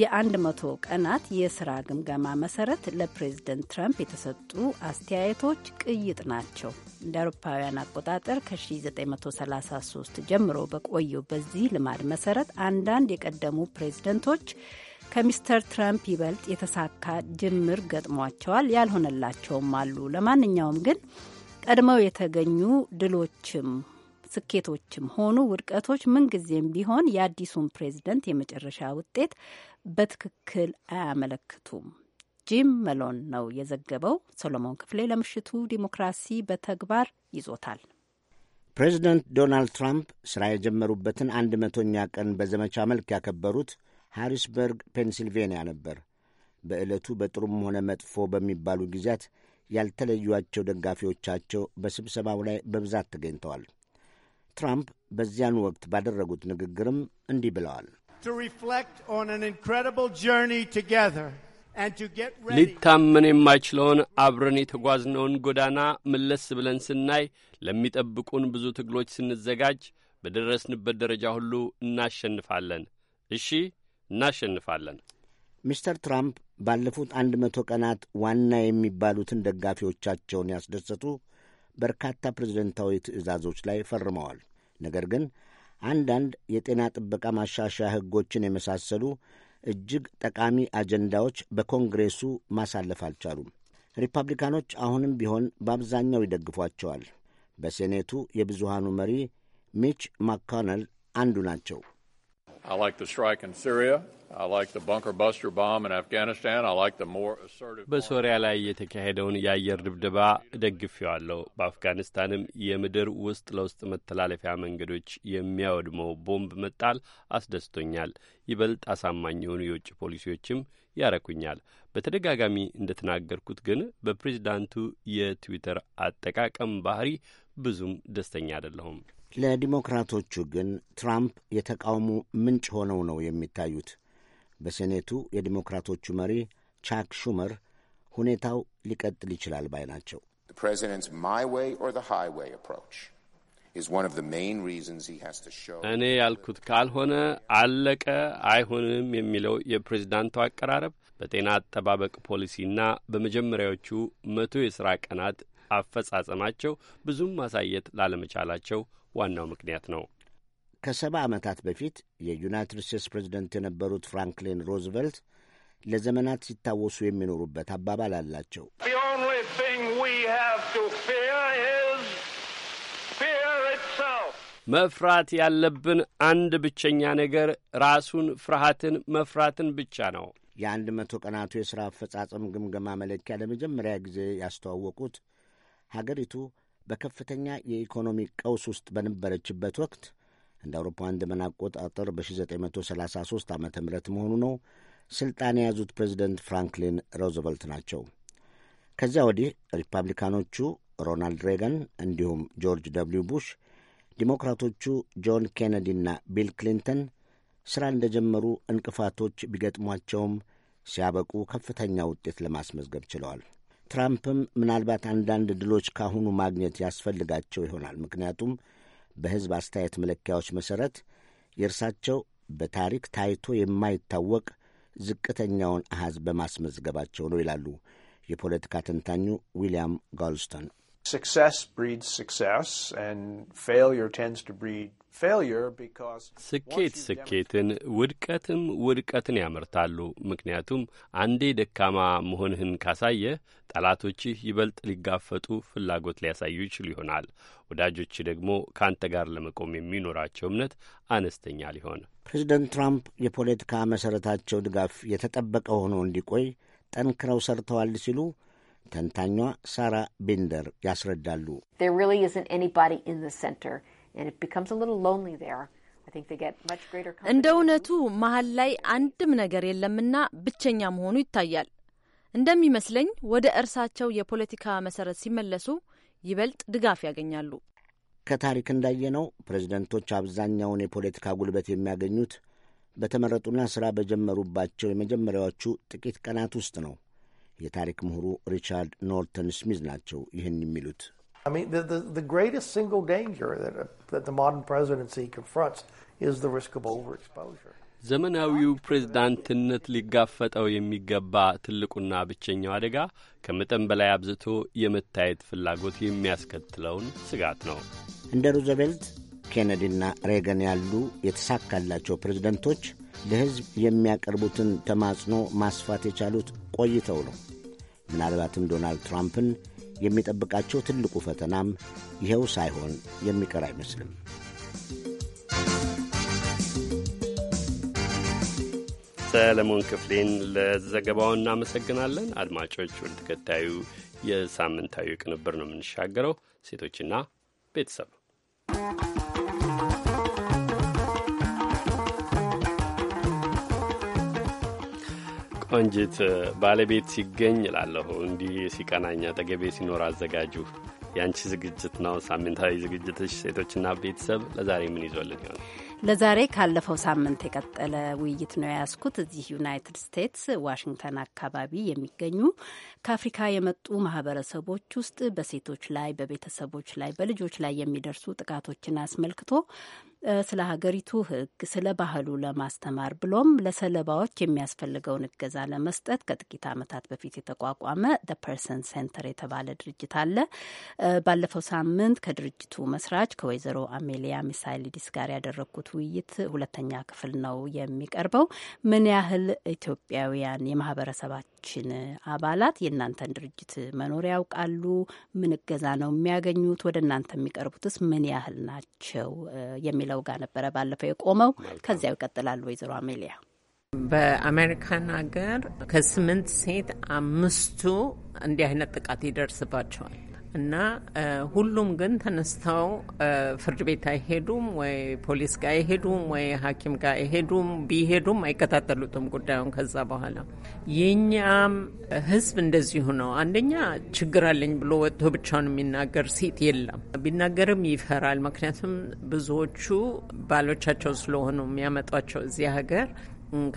የአንድ መቶ ቀናት የስራ ግምገማ መሰረት ለፕሬዝደንት ትራምፕ የተሰጡ አስተያየቶች ቅይጥ ናቸው። እንደ አውሮፓውያን አቆጣጠር ከ1933 ጀምሮ በቆየው በዚህ ልማድ መሰረት አንዳንድ የቀደሙ ፕሬዝደንቶች ከሚስተር ትራምፕ ይበልጥ የተሳካ ጅምር ገጥሟቸዋል፣ ያልሆነላቸውም አሉ። ለማንኛውም ግን ቀድመው የተገኙ ድሎችም ስኬቶችም ሆኑ ውድቀቶች ምንጊዜም ቢሆን የአዲሱን ፕሬዝደንት የመጨረሻ ውጤት በትክክል አያመለክቱም። ጂም መሎን ነው የዘገበው። ሰሎሞን ክፍሌ ለምሽቱ ዲሞክራሲ በተግባር ይዞታል። ፕሬዚደንት ዶናልድ ትራምፕ ሥራ የጀመሩበትን አንድ መቶኛ ቀን በዘመቻ መልክ ያከበሩት ሃሪስበርግ ፔንሲልቬንያ ነበር። በዕለቱ በጥሩም ሆነ መጥፎ በሚባሉ ጊዜያት ያልተለዩቸው ደጋፊዎቻቸው በስብሰባው ላይ በብዛት ተገኝተዋል። ትራምፕ በዚያን ወቅት ባደረጉት ንግግርም እንዲህ ብለዋል። ሊታመን የማይችለውን አብረን የተጓዝነውን ጎዳና መለስ ብለን ስናይ፣ ለሚጠብቁን ብዙ ትግሎች ስንዘጋጅ፣ በደረስንበት ደረጃ ሁሉ እናሸንፋለን። እሺ እናሸንፋለን። ሚስተር ትራምፕ ባለፉት አንድ መቶ ቀናት ዋና የሚባሉትን ደጋፊዎቻቸውን ያስደሰቱ በርካታ ፕሬዝደንታዊ ትዕዛዞች ላይ ፈርመዋል። ነገር ግን አንዳንድ የጤና ጥበቃ ማሻሻያ ሕጎችን የመሳሰሉ እጅግ ጠቃሚ አጀንዳዎች በኮንግሬሱ ማሳለፍ አልቻሉም። ሪፐብሊካኖች አሁንም ቢሆን በአብዛኛው ይደግፏቸዋል። በሴኔቱ የብዙሃኑ መሪ ሚች ማካነል አንዱ ናቸው። I like the strike in Syria. በሶሪያ ላይ የተካሄደውን የአየር ድብደባ ደግፌዋለሁ። በአፍጋኒስታንም የምድር ውስጥ ለውስጥ መተላለፊያ መንገዶች የሚያወድመው ቦምብ መጣል አስደስቶኛል። ይበልጥ አሳማኝ የሆኑ የውጭ ፖሊሲዎችም ያረኩኛል። በተደጋጋሚ እንደተናገርኩት ግን በፕሬዚዳንቱ የትዊተር አጠቃቀም ባህሪ ብዙም ደስተኛ አይደለሁም። ለዲሞክራቶቹ ግን ትራምፕ የተቃውሞ ምንጭ ሆነው ነው የሚታዩት። በሴኔቱ የዲሞክራቶቹ መሪ ቻክ ሹመር ሁኔታው ሊቀጥል ይችላል ባይ ናቸው። እኔ ያልኩት ካልሆነ አለቀ አይሆንም የሚለው የፕሬዚዳንቱ አቀራረብ በጤና አጠባበቅ ፖሊሲና በመጀመሪያዎቹ መቶ የሥራ ቀናት አፈጻጸማቸው ብዙም ማሳየት ላለመቻላቸው ዋናው ምክንያት ነው። ከሰባ ዓመታት በፊት የዩናይትድ ስቴትስ ፕሬዚደንት የነበሩት ፍራንክሊን ሮዝቨልት ለዘመናት ሲታወሱ የሚኖሩበት አባባል አላቸው። መፍራት ያለብን አንድ ብቸኛ ነገር ራሱን ፍርሃትን መፍራትን ብቻ ነው። የአንድ መቶ ቀናቱ የሥራ አፈጻጸም ግምገማ መለኪያ ለመጀመሪያ ጊዜ ያስተዋወቁት ሀገሪቱ በከፍተኛ የኢኮኖሚ ቀውስ ውስጥ በነበረችበት ወቅት እንደ አውሮፓውያን ዘመን አቆጣጠር በ1933 ዓ ም መሆኑ ነው ስልጣን የያዙት ፕሬዚደንት ፍራንክሊን ሮዝቨልት ናቸው። ከዚያ ወዲህ ሪፐብሊካኖቹ ሮናልድ ሬገን እንዲሁም ጆርጅ ደብሊው ቡሽ፣ ዲሞክራቶቹ ጆን ኬነዲና ቢል ክሊንተን ሥራ እንደጀመሩ እንቅፋቶች ቢገጥሟቸውም ሲያበቁ ከፍተኛ ውጤት ለማስመዝገብ ችለዋል። ትራምፕም ምናልባት አንዳንድ ድሎች ካሁኑ ማግኘት ያስፈልጋቸው ይሆናል። ምክንያቱም በሕዝብ አስተያየት መለኪያዎች መሠረት የእርሳቸው በታሪክ ታይቶ የማይታወቅ ዝቅተኛውን አሃዝ በማስመዝገባቸው ነው ይላሉ የፖለቲካ ተንታኙ ዊልያም ጋልስተን። ስኬት ስኬትን፣ ውድቀትም ውድቀትን ያመርታሉ። ምክንያቱም አንዴ ደካማ መሆንህን ካሳየ ጠላቶችህ ይበልጥ ሊጋፈጡ ፍላጎት ሊያሳዩ ይችሉ ይሆናል። ወዳጆች ደግሞ ከአንተ ጋር ለመቆም የሚኖራቸው እምነት አነስተኛ ሊሆን። ፕሬዚደንት ትራምፕ የፖለቲካ መሠረታቸው ድጋፍ የተጠበቀ ሆኖ እንዲቆይ ጠንክረው ሰርተዋል ሲሉ ተንታኟ ሳራ ቤንደር ያስረዳሉ። እንደ እውነቱ መሀል ላይ አንድም ነገር የለምና ብቸኛ መሆኑ ይታያል። እንደሚመስለኝ ወደ እርሳቸው የፖለቲካ መሰረት ሲመለሱ ይበልጥ ድጋፍ ያገኛሉ። ከታሪክ እንዳየነው ፕሬዝደንቶች አብዛኛውን የፖለቲካ ጉልበት የሚያገኙት በተመረጡና ስራ በጀመሩባቸው የመጀመሪያዎቹ ጥቂት ቀናት ውስጥ ነው። የታሪክ ምሁሩ ሪቻርድ ኖርተን ስሚዝ ናቸው ይህን የሚሉት። ዘመናዊው ፕሬዝዳንትነት ሊጋፈጠው የሚገባ ትልቁና ብቸኛው አደጋ ከመጠን በላይ አብዝቶ የመታየት ፍላጎት የሚያስከትለውን ስጋት ነው። እንደ ሩዘቬልት፣ ኬነዲና ሬገን ያሉ የተሳካላቸው ፕሬዝደንቶች ለሕዝብ የሚያቀርቡትን ተማጽኖ ማስፋት የቻሉት ቆይተው ነው። ምናልባትም ዶናልድ ትራምፕን የሚጠብቃቸው ትልቁ ፈተናም ይኸው ሳይሆን የሚቀር አይመስልም። ሰለሞን ክፍሌን ለዘገባው እናመሰግናለን። አድማጮች፣ ወደ ተከታዩ የሳምንታዊ ቅንብር ነው የምንሻገረው። ሴቶችና ቤተሰብ ቆንጅት ባለቤት ሲገኝ እላለሁ እንዲህ ሲቀናኝ አጠገቤ ሲኖር አዘጋጁ የአንቺ ዝግጅት ነው። ሳምንታዊ ዝግጅትሽ ሴቶችና ቤተሰብ ለዛሬ ምን ይዞልን ይሆን? ለዛሬ ካለፈው ሳምንት የቀጠለ ውይይት ነው የያዝኩት። እዚህ ዩናይትድ ስቴትስ ዋሽንግተን አካባቢ የሚገኙ ከአፍሪካ የመጡ ማህበረሰቦች ውስጥ በሴቶች ላይ፣ በቤተሰቦች ላይ፣ በልጆች ላይ የሚደርሱ ጥቃቶችን አስመልክቶ ስለ ሀገሪቱ ሕግ ስለ ባህሉ ለማስተማር ብሎም ለሰለባዎች የሚያስፈልገውን እገዛ ለመስጠት ከጥቂት ዓመታት በፊት የተቋቋመ ደ ፐርሰን ሴንተር የተባለ ድርጅት አለ። ባለፈው ሳምንት ከድርጅቱ መስራች ከወይዘሮ አሜሊያ ሚሳይልዲስ ጋር ያደረግኩት የሰዓት ውይይት ሁለተኛ ክፍል ነው የሚቀርበው። ምን ያህል ኢትዮጵያውያን የማህበረሰባችን አባላት የእናንተን ድርጅት መኖር ያውቃሉ? ምን እገዛ ነው የሚያገኙት? ወደ እናንተ የሚቀርቡትስ ምን ያህል ናቸው? የሚለው ጋር ነበረ ባለፈው የቆመው። ከዚያው ይቀጥላሉ። ወይዘሮ አሜሊያ በአሜሪካን ሀገር ከስምንት ሴት አምስቱ እንዲህ አይነት ጥቃት ይደርስባቸዋል። እና ሁሉም ግን ተነስተው ፍርድ ቤት አይሄዱም ወይ ፖሊስ ጋር አይሄዱም ወይ ሐኪም ጋር አይሄዱም። ቢሄዱም አይከታተሉትም ጉዳዩን ከዛ በኋላ። የኛም ህዝብ እንደዚሁ ነው። አንደኛ ችግር አለኝ ብሎ ወጥቶ ብቻውን የሚናገር ሴት የለም። ቢናገርም ይፈራል። ምክንያቱም ብዙዎቹ ባሎቻቸው ስለሆኑ የሚያመጧቸው እዚህ ሀገር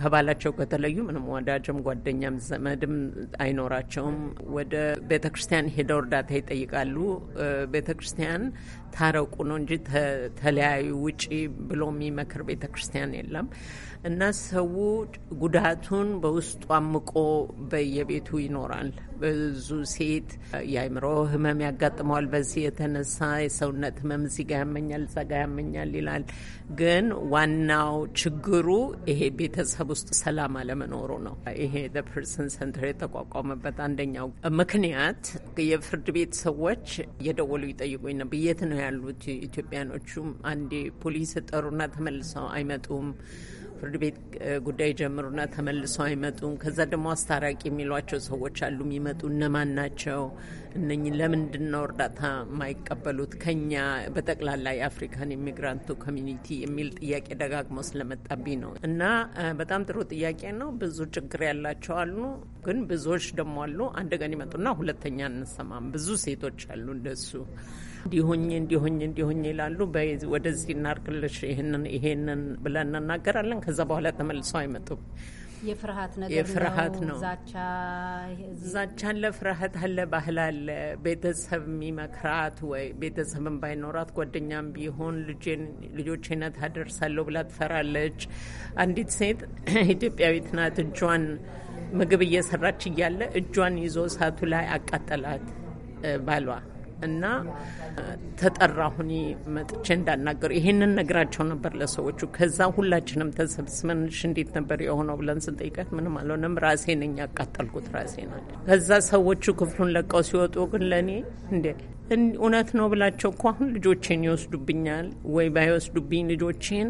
ከባላቸው ከተለዩ ምንም ወዳጅም ጓደኛም ዘመድም አይኖራቸውም። ወደ ቤተ ክርስቲያን ሄደው እርዳታ ይጠይቃሉ። ቤተ ክርስቲያን ታረቁ ነው እንጂ ተለያዩ ውጪ ብሎ የሚመክር ቤተ ክርስቲያን የለም። እና ሰው ጉዳቱን በውስጡ አምቆ በየቤቱ ይኖራል። ብዙ ሴት የአይምሮ ህመም ያጋጥመዋል። በዚህ የተነሳ የሰውነት ህመም እዚህ ጋ ያመኛል፣ እዛ ጋ ያመኛል ይላል። ግን ዋናው ችግሩ ይሄ ቤተሰብ ውስጥ ሰላም አለመኖሩ ነው። ይሄ ፐርሰን ሰንተር የተቋቋመበት አንደኛው ምክንያት የፍርድ ቤት ሰዎች የደወሉ ይጠይቁኝ ነው። የት ነው ያሉት ኢትዮጵያኖቹም? አንዴ ፖሊስ ጠሩና ተመልሰው አይመጡም። ፍርድ ቤት ጉዳይ ጀምሩና ተመልሰው አይመጡም። ከዛ ደግሞ አስታራቂ የሚሏቸው ሰዎች አሉ የሚመጡ እነማን ናቸው? እነኝህ ለምንድን ነው እርዳታ የማይቀበሉት ከኛ በጠቅላላ የአፍሪካን ኢሚግራንቱ ኮሚኒቲ የሚል ጥያቄ ደጋግሞ ስለመጣብኝ ነው። እና በጣም ጥሩ ጥያቄ ነው። ብዙ ችግር ያላቸው አሉ፣ ግን ብዙዎች ደግሞ አሉ አንድ ቀን ይመጡና ሁለተኛ አንሰማም። ብዙ ሴቶች አሉ እንደሱ እንዲሆኝ እንዲሆኝ እንዲሆኝ ይላሉ። ወደዚህ እናርግልሽ ይህንን ይሄንን ብለን እናገራለን። ከዛ በኋላ ተመልሰው አይመጡም። የፍርሃት ነገር የፍርሃት ነው። ዛቻን ለፍርሃት አለ ባህል አለ ቤተሰብ የሚመክራት ወይ ቤተሰብን ባይኖራት ጓደኛም ቢሆን ልጆቼን ታደርሳለሁ ብላ ትፈራለች። አንዲት ሴት ኢትዮጵያዊት ናት። እጇን ምግብ እየሰራች እያለ እጇን ይዞ እሳቱ ላይ አቃጠላት ባሏ እና ተጠራሁኝ መጥቼ እንዳናገሩ ይሄንን ነግራቸው ነበር ለሰዎቹ። ከዛ ሁላችንም ተሰብስበንሽ እንዴት ነበር የሆነው ብለን ስንጠይቀት ምንም አልሆነም፣ ራሴ ነኝ ያቃጠልኩት ራሴ ናል። ከዛ ሰዎቹ ክፍሉን ለቀው ሲወጡ ግን ለእኔ እንዴ እውነት ነው ብላቸው እኮ አሁን ልጆቼን ይወስዱብኛል ወይ ባይወስዱብኝ ልጆቼን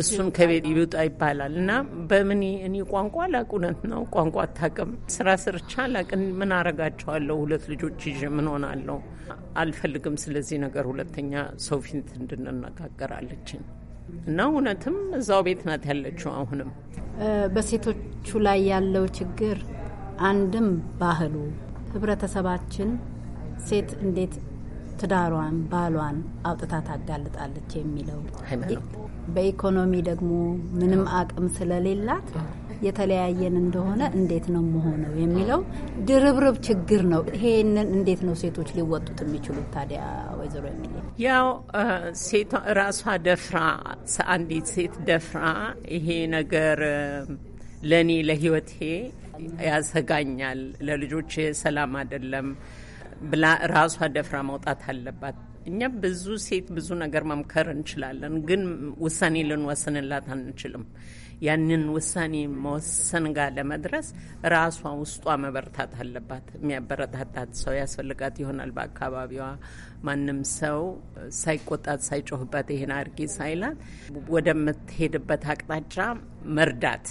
እሱን ከቤት ይውጣ ይባላል እና በምን እኔ ቋንቋ ላቁነት ነው ቋንቋ አታውቅም። ስራ ስርቻ ላቅን ምን አረጋቸዋለሁ? ሁለት ልጆች ይዤ ምን ሆናለሁ? አልፈልግም። ስለዚህ ነገር ሁለተኛ ሰው ፊት እንድንነጋገር እና እውነትም እዛው ቤት ናት ያለችው። አሁንም በሴቶቹ ላይ ያለው ችግር አንድም ባህሉ ህብረተሰባችን ሴት እንዴት ትዳሯን ባሏን አውጥታ ታጋልጣለች የሚለው በኢኮኖሚ ደግሞ ምንም አቅም ስለሌላት የተለያየን እንደሆነ እንዴት ነው መሆነው የሚለው ድርብርብ ችግር ነው። ይሄንን እንዴት ነው ሴቶች ሊወጡት የሚችሉት ታዲያ? ወይዘሮ የሚል ያው ሴቷ ራሷ ደፍራ አንዲት ሴት ደፍራ ይሄ ነገር ለእኔ ለህይወቴ ያሰጋኛል፣ ለልጆቼ ሰላም አይደለም ብላ ራሷ ደፍራ መውጣት አለባት። እኛ ብዙ ሴት ብዙ ነገር መምከር እንችላለን፣ ግን ውሳኔ ልንወስንላት አንችልም። ያንን ውሳኔ መወሰን ጋር ለመድረስ ራሷ ውስጧ መበርታት አለባት። የሚያበረታታት ሰው ያስፈልጋት ይሆናል። በአካባቢዋ ማንም ሰው ሳይቆጣት ሳይጮህበት ይሄን አድርጊ ሳይላት ወደምትሄድበት አቅጣጫ መርዳት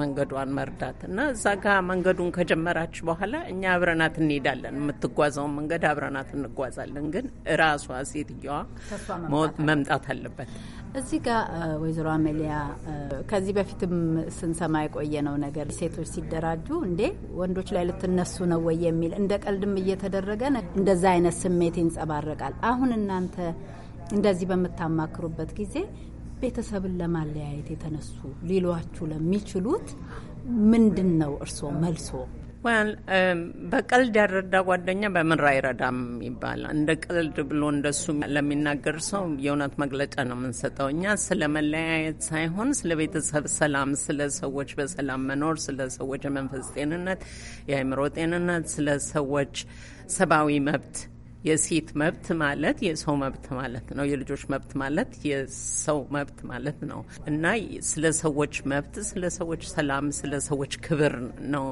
መንገዷን መርዳት እና እዛ ጋ መንገዱን ከጀመራች በኋላ እኛ አብረናት እንሄዳለን። የምትጓዘውን መንገድ አብረናት እንጓዛለን። ግን እራሷ ሴትየዋ መምጣት አለበት። እዚህ ጋ ወይዘሮ አሜሊያ ከዚህ በፊትም ስንሰማ የቆየ ነው ነገር ሴቶች ሲደራጁ እንዴ ወንዶች ላይ ልትነሱ ነው ወይ የሚል እንደ ቀልድም እየተደረገ እንደዛ አይነት ስሜት ይንጸባረቃል። አሁን እናንተ እንደዚህ በምታማክሩበት ጊዜ ቤተሰብን ለማለያየት የተነሱ ሊሏችሁ ለሚችሉት ምንድን ነው እርስዎ መልሶ? Um, በቀልድ ያረዳ ጓደኛ በምር አይረዳም ይባላል። እንደ ቀልድ ብሎ እንደሱ ለሚናገር ሰው የእውነት መግለጫ ነው የምንሰጠው። እኛ ስለ መለያየት ሳይሆን ስለ ቤተሰብ ሰላም፣ ስለ ሰዎች በሰላም መኖር፣ ስለ ሰዎች የመንፈስ ጤንነት፣ የአእምሮ ጤንነት፣ ስለ ሰዎች ሰብአዊ መብት የሴት መብት ማለት የሰው መብት ማለት ነው። የልጆች መብት ማለት የሰው መብት ማለት ነው እና ስለ ሰዎች መብት፣ ስለ ሰዎች ሰላም፣ ስለ ሰዎች ክብር ነው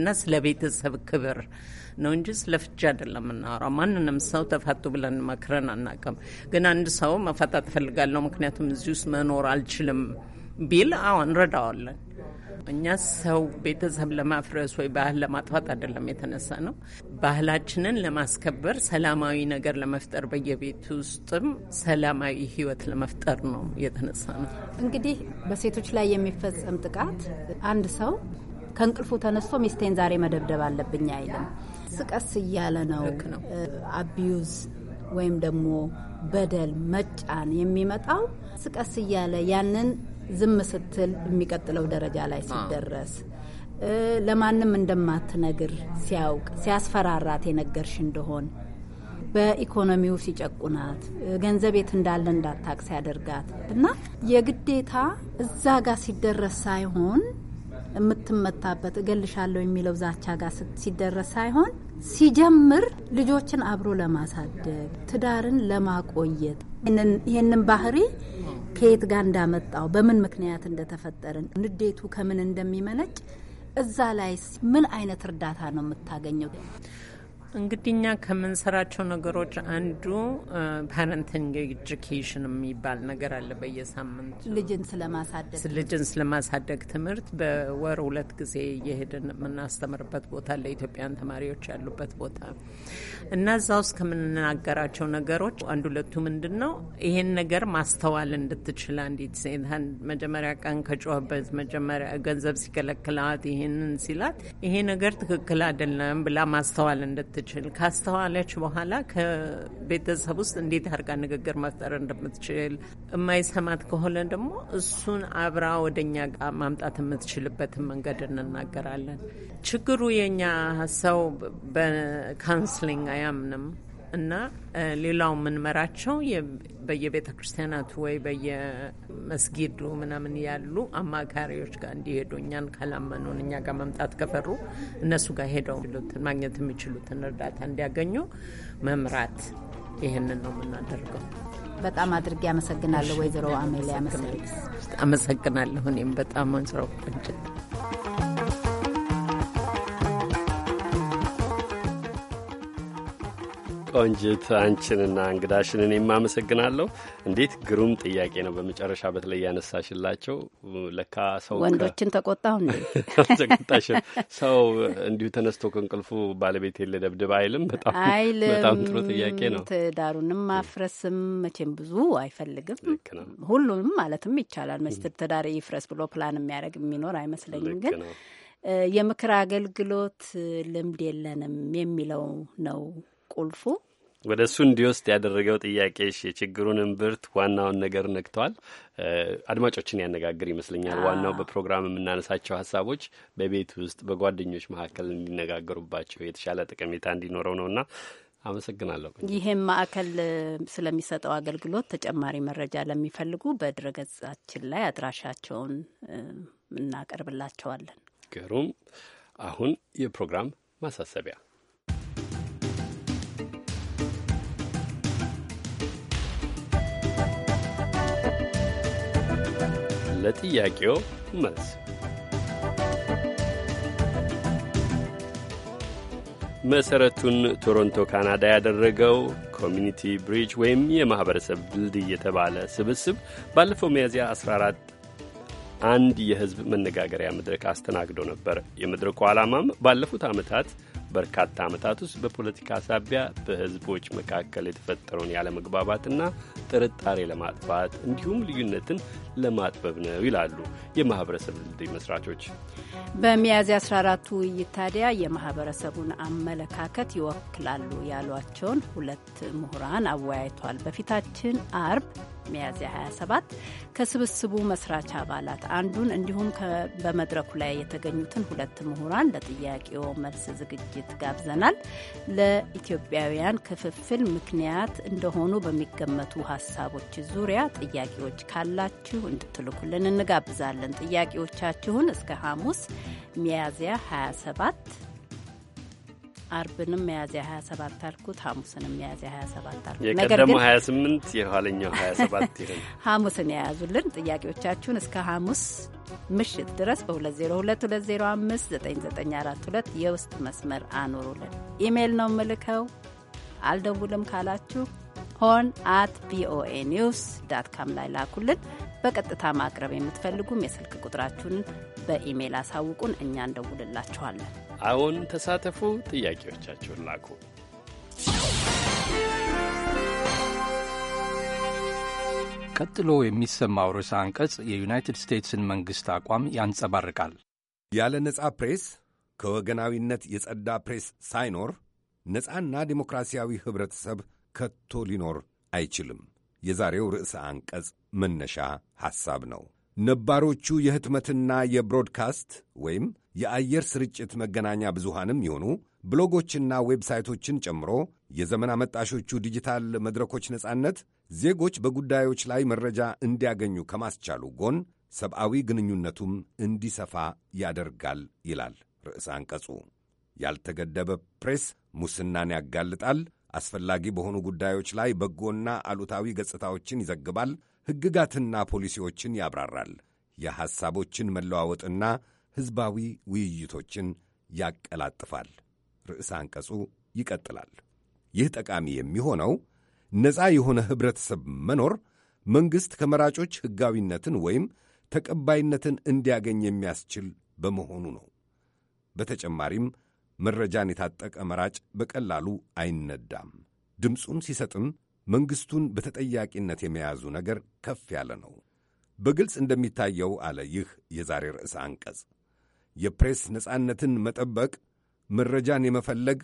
እና ስለ ቤተሰብ ክብር ነው እንጂ ስለ ፍቺ አይደለም የምናወራው። ማንንም ሰው ተፈቱ ብለን መክረን አናውቅም። ግን አንድ ሰው መፈታት እፈልጋለሁ ምክንያቱም እዚህ ውስጥ መኖር አልችልም ቢል አዎ እንረዳዋለን። እኛ ሰው ቤተሰብ ለማፍረስ ወይ ባህል ለማጥፋት አይደለም የተነሳ ነው። ባህላችንን ለማስከበር ሰላማዊ ነገር ለመፍጠር በየቤት ውስጥም ሰላማዊ ህይወት ለመፍጠር ነው የተነሳ ነው። እንግዲህ በሴቶች ላይ የሚፈጸም ጥቃት አንድ ሰው ከእንቅልፉ ተነስቶ ሚስቴን ዛሬ መደብደብ አለብኝ አይልም። ስቀስ እያለ ነው አቢዩዝ ወይም ደግሞ በደል መጫን የሚመጣው ስቀስ እያለ ያንን ዝም ስትል የሚቀጥለው ደረጃ ላይ ሲደረስ ለማንም እንደማትነግር ሲያውቅ ሲያስፈራራት የነገርሽ እንደሆን በኢኮኖሚው ሲጨቁናት ገንዘብ የት እንዳለ እንዳታቅ ሲያደርጋት እና የግዴታ እዛ ጋር ሲደረስ ሳይሆን የምትመታበት እገልሻለሁ የሚለው ዛቻ ጋር ሲደረስ ሳይሆን ሲጀምር ልጆችን አብሮ ለማሳደግ ትዳርን ለማቆየት ይህንን ባህሪ ከየት ጋር እንዳመጣው በምን ምክንያት እንደተፈጠርን ንዴቱ ከምን እንደሚመነጭ እዛ ላይ ምን አይነት እርዳታ ነው የምታገኘው? እንግዲህ እኛ ከምንሰራቸው ነገሮች አንዱ ፓረንቲንግ ኤጁኬሽን የሚባል ነገር አለ። በየሳምንቱ ልጅን ስለማሳደግ ልጅን ስለማሳደግ ትምህርት በወር ሁለት ጊዜ እየሄድን የምናስተምርበት ቦታ ለኢትዮጵያን ተማሪዎች ያሉበት ቦታ እና እዛ ውስጥ ከምንናገራቸው ነገሮች አንድ ሁለቱ ምንድን ነው ይሄን ነገር ማስተዋል እንድትችል አንዲት ሴት መጀመሪያ ቀን ከጮህበት መጀመሪያ ገንዘብ ሲከለክላት ይሄንን ሲላት ይሄ ነገር ትክክል አይደለም ብላ ማስተዋል እንድትችል እንደምትችል ካስተዋለች በኋላ ከቤተሰብ ውስጥ እንዴት አድርጋ ንግግር መፍጠር እንደምትችል የማይሰማት ከሆነ ደግሞ እሱን አብራ ወደኛ ጋር ማምጣት የምትችልበትን መንገድ እንናገራለን። ችግሩ የኛ ሰው በካውንስሊንግ አያምንም እና ሌላው የምንመራቸው በየቤተ ክርስቲያናቱ ወይ በየመስጊዱ ምናምን ያሉ አማካሪዎች ጋር እንዲሄዱ እኛን ካላመኑን እኛ ጋር መምጣት ከፈሩ እነሱ ጋር ሄደው ማግኘት የሚችሉትን እርዳታ እንዲያገኙ መምራት ይህንን ነው የምናደርገው። በጣም አድርጌ አመሰግናለሁ ወይዘሮ አሜሊያ መሰለኝ። አመሰግናለሁ እኔም በጣም ወይዘሮ ቆንጅት ቆንጅት አንቺንና እንግዳሽን እኔም አመሰግናለሁ። እንዴት ግሩም ጥያቄ ነው። በመጨረሻ በተለይ ያነሳሽላቸው ለካ ሰው ወንዶችን ተቆጣሁ [LAUGHS] ተቆጣሽ። ሰው እንዲሁ ተነስቶ ከእንቅልፉ ባለቤት የለ ደብድብ አይልም። በጣም ጥሩ ጥያቄ ነው። ትዳሩንም ማፍረስም መቼም ብዙ አይፈልግም። ሁሉንም ማለትም ይቻላል። መስትር ትዳር ይፍረስ ብሎ ፕላን የሚያደርግ የሚኖር አይመስለኝም ግን የምክር አገልግሎት ልምድ የለንም የሚለው ነው ቁልፉ ወደ እሱ እንዲወስድ ያደረገው ጥያቄሽ የችግሩን እምብርት ዋናውን ነገር ነክቷል። አድማጮችን ያነጋግር ይመስለኛል። ዋናው በፕሮግራም የምናነሳቸው ሀሳቦች በቤት ውስጥ በጓደኞች መካከል እንዲነጋገሩባቸው የተሻለ ጠቀሜታ እንዲኖረው ነውና አመሰግናለሁ። ይህም ማዕከል ስለሚሰጠው አገልግሎት ተጨማሪ መረጃ ለሚፈልጉ በድረገጻችን ላይ አድራሻቸውን እናቀርብላቸዋለን። ግሩም። አሁን የፕሮግራም ማሳሰቢያ ለጥያቄው መልስ መሰረቱን ቶሮንቶ ካናዳ ያደረገው ኮሚኒቲ ብሪጅ ወይም የማኅበረሰብ ድልድይ የተባለ ስብስብ ባለፈው ሚያዝያ 14 አንድ የሕዝብ መነጋገሪያ መድረክ አስተናግዶ ነበር። የመድረኩ ዓላማም ባለፉት ዓመታት በርካታ ዓመታት ውስጥ በፖለቲካ ሳቢያ በህዝቦች መካከል የተፈጠረውን ያለመግባባትና ጥርጣሬ ለማጥፋት እንዲሁም ልዩነትን ለማጥበብ ነው ይላሉ የማህበረሰብ ድልድይ መስራቾች። በሚያዝያ 14ቱ ውይይት ታዲያ የማህበረሰቡን አመለካከት ይወክላሉ ያሏቸውን ሁለት ምሁራን አወያይቷል። በፊታችን አርብ ሚያዝያ 27 ከስብስቡ መስራች አባላት አንዱን እንዲሁም በመድረኩ ላይ የተገኙትን ሁለት ምሁራን ለጥያቄው መልስ ዝግጅት ጋብዘናል። ለኢትዮጵያውያን ክፍፍል ምክንያት እንደሆኑ በሚገመቱ ሀሳቦች ዙሪያ ጥያቄዎች ካላችሁ እንድትልኩልን እንጋብዛለን። ጥያቄዎቻችሁን እስከ ሐሙስ ሚያዝያ 27 አርብንም ሚያዝያ 27 አልኩት፣ ሐሙስንም ሚያዝያ 27 አልኩት። የቀደሙ 28 የኋለኛው 27 ይሁን። [LAUGHS] ሐሙስን የያዙልን ጥያቄዎቻችሁን እስከ ሐሙስ ምሽት ድረስ በ2022059942 የውስጥ መስመር አኑሩልን። ኢሜይል ነው ምልከው አልደውልም ካላችሁ ሆን አት ቪኦኤ ኒውስ ዳት ካም ላይ ላኩልን። በቀጥታ ማቅረብ የምትፈልጉም የስልክ ቁጥራችሁን በኢሜይል አሳውቁን፣ እኛ እንደውልላችኋለን። አዎን ተሳተፉ፣ ጥያቄዎቻችሁን ላኩ። ቀጥሎ የሚሰማው ርዕሰ አንቀጽ የዩናይትድ ስቴትስን መንግሥት አቋም ያንጸባርቃል። ያለ ነጻ ፕሬስ ከወገናዊነት የጸዳ ፕሬስ ሳይኖር ነጻና ዴሞክራሲያዊ ኅብረተሰብ ከቶ ሊኖር አይችልም። የዛሬው ርዕሰ አንቀጽ መነሻ ሐሳብ ነው። ነባሮቹ የህትመትና የብሮድካስት ወይም የአየር ስርጭት መገናኛ ብዙሃንም ይሆኑ ብሎጎችና ዌብሳይቶችን ጨምሮ የዘመን አመጣሾቹ ዲጂታል መድረኮች ነጻነት ዜጎች በጉዳዮች ላይ መረጃ እንዲያገኙ ከማስቻሉ ጎን ሰብአዊ ግንኙነቱም እንዲሰፋ ያደርጋል ይላል ርዕሰ አንቀጹ። ያልተገደበ ፕሬስ ሙስናን ያጋልጣል፣ አስፈላጊ በሆኑ ጉዳዮች ላይ በጎና አሉታዊ ገጽታዎችን ይዘግባል፣ ሕግጋትና ፖሊሲዎችን ያብራራል፣ የሐሳቦችን መለዋወጥና ሕዝባዊ ውይይቶችን ያቀላጥፋል። ርዕሰ አንቀጹ ይቀጥላል። ይህ ጠቃሚ የሚሆነው ነፃ የሆነ ኅብረተሰብ መኖር መንግሥት ከመራጮች ሕጋዊነትን ወይም ተቀባይነትን እንዲያገኝ የሚያስችል በመሆኑ ነው። በተጨማሪም መረጃን የታጠቀ መራጭ በቀላሉ አይነዳም። ድምፁን ሲሰጥም መንግሥቱን በተጠያቂነት የመያዙ ነገር ከፍ ያለ ነው። በግልጽ እንደሚታየው አለ ይህ የዛሬ ርዕሰ አንቀጽ የፕሬስ ነጻነትን መጠበቅ፣ መረጃን የመፈለግ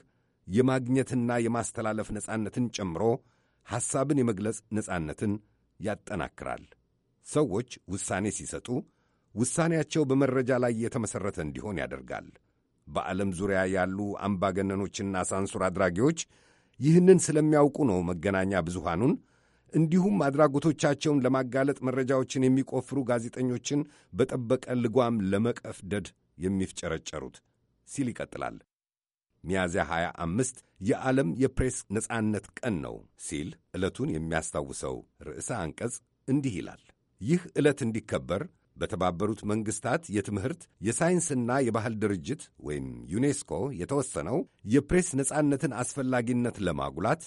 የማግኘትና የማስተላለፍ ነጻነትን ጨምሮ ሐሳብን የመግለጽ ነጻነትን ያጠናክራል። ሰዎች ውሳኔ ሲሰጡ ውሳኔያቸው በመረጃ ላይ የተመሠረተ እንዲሆን ያደርጋል። በዓለም ዙሪያ ያሉ አምባገነኖችና ሳንሱር አድራጊዎች ይህንን ስለሚያውቁ ነው መገናኛ ብዙሃኑን እንዲሁም አድራጎቶቻቸውን ለማጋለጥ መረጃዎችን የሚቆፍሩ ጋዜጠኞችን በጠበቀ ልጓም ለመቀፍደድ የሚፍጨረጨሩት ሲል ይቀጥላል። ሚያዝያ 25 የዓለም የፕሬስ ነጻነት ቀን ነው ሲል ዕለቱን የሚያስታውሰው ርዕሰ አንቀጽ እንዲህ ይላል። ይህ ዕለት እንዲከበር በተባበሩት መንግሥታት የትምህርት የሳይንስና የባህል ድርጅት ወይም ዩኔስኮ የተወሰነው የፕሬስ ነጻነትን አስፈላጊነት ለማጉላት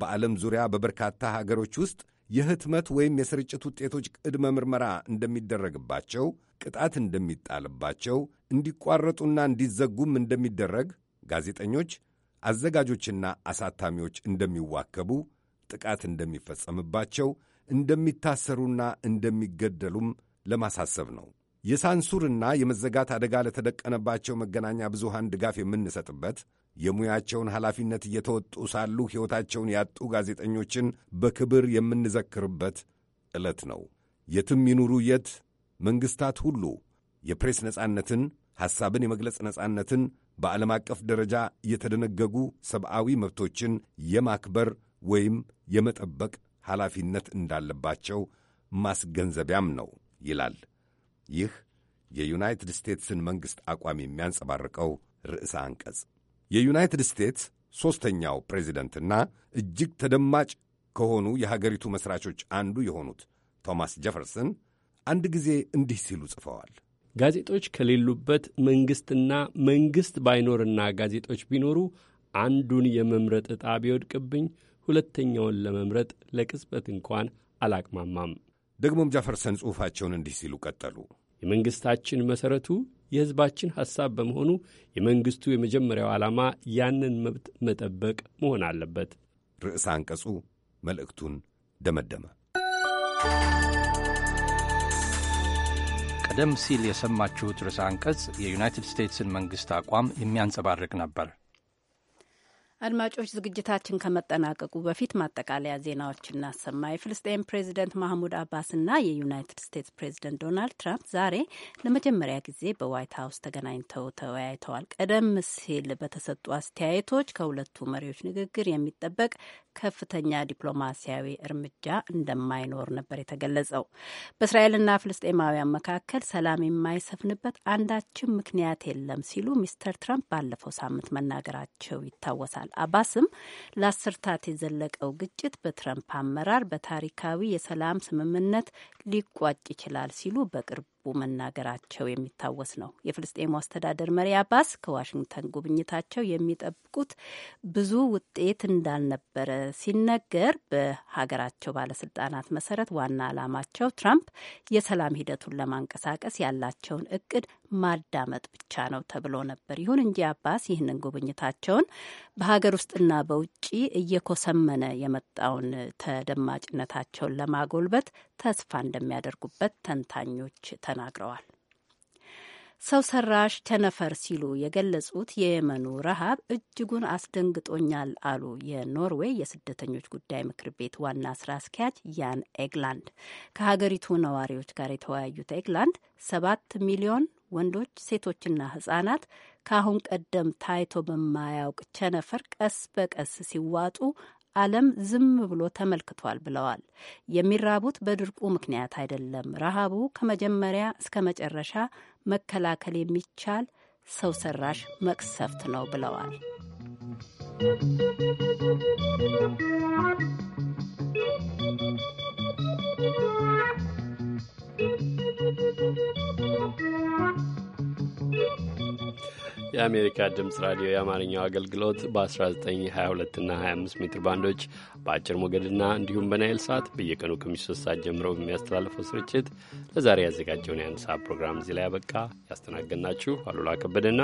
በዓለም ዙሪያ በበርካታ ሀገሮች ውስጥ የህትመት ወይም የስርጭት ውጤቶች ቅድመ ምርመራ እንደሚደረግባቸው፣ ቅጣት እንደሚጣልባቸው፣ እንዲቋረጡና እንዲዘጉም እንደሚደረግ፣ ጋዜጠኞች፣ አዘጋጆችና አሳታሚዎች እንደሚዋከቡ፣ ጥቃት እንደሚፈጸምባቸው፣ እንደሚታሰሩና እንደሚገደሉም ለማሳሰብ ነው። የሳንሱርና የመዘጋት አደጋ ለተደቀነባቸው መገናኛ ብዙሃን ድጋፍ የምንሰጥበት የሙያቸውን ኃላፊነት እየተወጡ ሳሉ ሕይወታቸውን ያጡ ጋዜጠኞችን በክብር የምንዘክርበት ዕለት ነው። የትም ይኑሩ የት መንግሥታት ሁሉ የፕሬስ ነጻነትን፣ ሐሳብን የመግለጽ ነጻነትን በዓለም አቀፍ ደረጃ የተደነገጉ ሰብዓዊ መብቶችን የማክበር ወይም የመጠበቅ ኃላፊነት እንዳለባቸው ማስገንዘቢያም ነው ይላል ይህ የዩናይትድ ስቴትስን መንግሥት አቋም የሚያንጸባርቀው ርዕሰ አንቀጽ። የዩናይትድ ስቴትስ ሦስተኛው ፕሬዚደንትና እጅግ ተደማጭ ከሆኑ የሀገሪቱ መሥራቾች አንዱ የሆኑት ቶማስ ጀፈርሰን አንድ ጊዜ እንዲህ ሲሉ ጽፈዋል። ጋዜጦች ከሌሉበት መንግሥትና መንግሥት ባይኖርና ጋዜጦች ቢኖሩ አንዱን የመምረጥ ዕጣ ቢወድቅብኝ ሁለተኛውን ለመምረጥ ለቅጽበት እንኳን አላቅማማም። ደግሞም ጃፈርሰን ጽሑፋቸውን እንዲህ ሲሉ ቀጠሉ። የመንግሥታችን መሠረቱ የሕዝባችን ሐሳብ በመሆኑ የመንግሥቱ የመጀመሪያው ዓላማ ያንን መብት መጠበቅ መሆን አለበት። ርዕሰ አንቀጹ መልእክቱን ደመደመ። ቀደም ሲል የሰማችሁት ርዕሰ አንቀጽ የዩናይትድ ስቴትስን መንግሥት አቋም የሚያንጸባርቅ ነበር። አድማጮች ዝግጅታችን ከመጠናቀቁ በፊት ማጠቃለያ ዜናዎች እናሰማ። የፍልስጤን ፕሬዚደንት ማህሙድ አባስና የዩናይትድ ስቴትስ ፕሬዚደንት ዶናልድ ትራምፕ ዛሬ ለመጀመሪያ ጊዜ በዋይት ሀውስ ተገናኝተው ተወያይተዋል። ቀደም ሲል በተሰጡ አስተያየቶች ከሁለቱ መሪዎች ንግግር የሚጠበቅ ከፍተኛ ዲፕሎማሲያዊ እርምጃ እንደማይኖር ነበር የተገለጸው። በእስራኤልና ፍልስጤማውያን መካከል ሰላም የማይሰፍንበት አንዳችም ምክንያት የለም ሲሉ ሚስተር ትራምፕ ባለፈው ሳምንት መናገራቸው ይታወሳል። አባስም ለአስርታት የዘለቀው ግጭት በትረምፕ አመራር በታሪካዊ የሰላም ስምምነት ሊቋጭ ይችላል ሲሉ በቅርብ መናገራቸው የሚታወስ ነው። የፍልስጤሙ አስተዳደር መሪ አባስ ከዋሽንግተን ጉብኝታቸው የሚጠብቁት ብዙ ውጤት እንዳልነበረ ሲነገር፣ በሀገራቸው ባለስልጣናት መሰረት ዋና ዓላማቸው ትራምፕ የሰላም ሂደቱን ለማንቀሳቀስ ያላቸውን እቅድ ማዳመጥ ብቻ ነው ተብሎ ነበር። ይሁን እንጂ አባስ ይህንን ጉብኝታቸውን በሀገር ውስጥና በውጭ እየኮሰመነ የመጣውን ተደማጭነታቸውን ለማጎልበት ተስፋ እንደሚያደርጉበት ተንታኞች ተናግረዋል። ሰው ሰራሽ ቸነፈር ሲሉ የገለጹት የየመኑ ረሃብ እጅጉን አስደንግጦኛል አሉ የኖርዌይ የስደተኞች ጉዳይ ምክር ቤት ዋና ስራ አስኪያጅ ያን ኤግላንድ። ከሀገሪቱ ነዋሪዎች ጋር የተወያዩት ኤግላንድ ሰባት ሚሊዮን ወንዶች፣ ሴቶችና ህጻናት ከአሁን ቀደም ታይቶ በማያውቅ ቸነፈር ቀስ በቀስ ሲዋጡ ዓለም ዝም ብሎ ተመልክቷል ብለዋል። የሚራቡት በድርቁ ምክንያት አይደለም። ረሃቡ ከመጀመሪያ እስከ መጨረሻ መከላከል የሚቻል ሰው ሰራሽ መቅሰፍት ነው ብለዋል። የአሜሪካ ድምፅ ራዲዮ የአማርኛው አገልግሎት በ1922 እና 25 ሜትር ባንዶች በአጭር ሞገድና እንዲሁም በናይል ሰዓት በየቀኑ ከምሽቱ ሶስት ሰዓት ጀምሮ በሚያስተላልፈው ስርጭት ለዛሬ ያዘጋጀውን የአንድ ሰዓት ፕሮግራም እዚህ ላይ ያበቃ። ያስተናገድናችሁ አሉላ ከበደና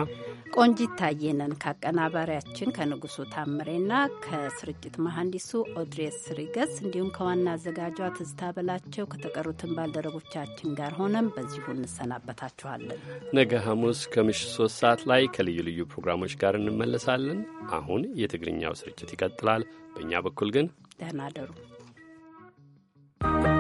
ቆንጂት ታየነን ከአቀናባሪያችን ከንጉሱ ታምሬና ከስርጭት መሐንዲሱ ኦድሬስ ሪገስ እንዲሁም ከዋና አዘጋጇ ትዝታ በላቸው ከተቀሩትን ባልደረቦቻችን ጋር ሆነን በዚሁ እንሰናበታችኋለን። ነገ ሐሙስ ከምሽቱ ሶስት ሰዓት ላይ ከልዩ ልዩ ፕሮግራሞች ጋር እንመለሳለን። አሁን የትግርኛው ስርጭት ይቀጥላል። በእኛ በኩል ግን ደህና you.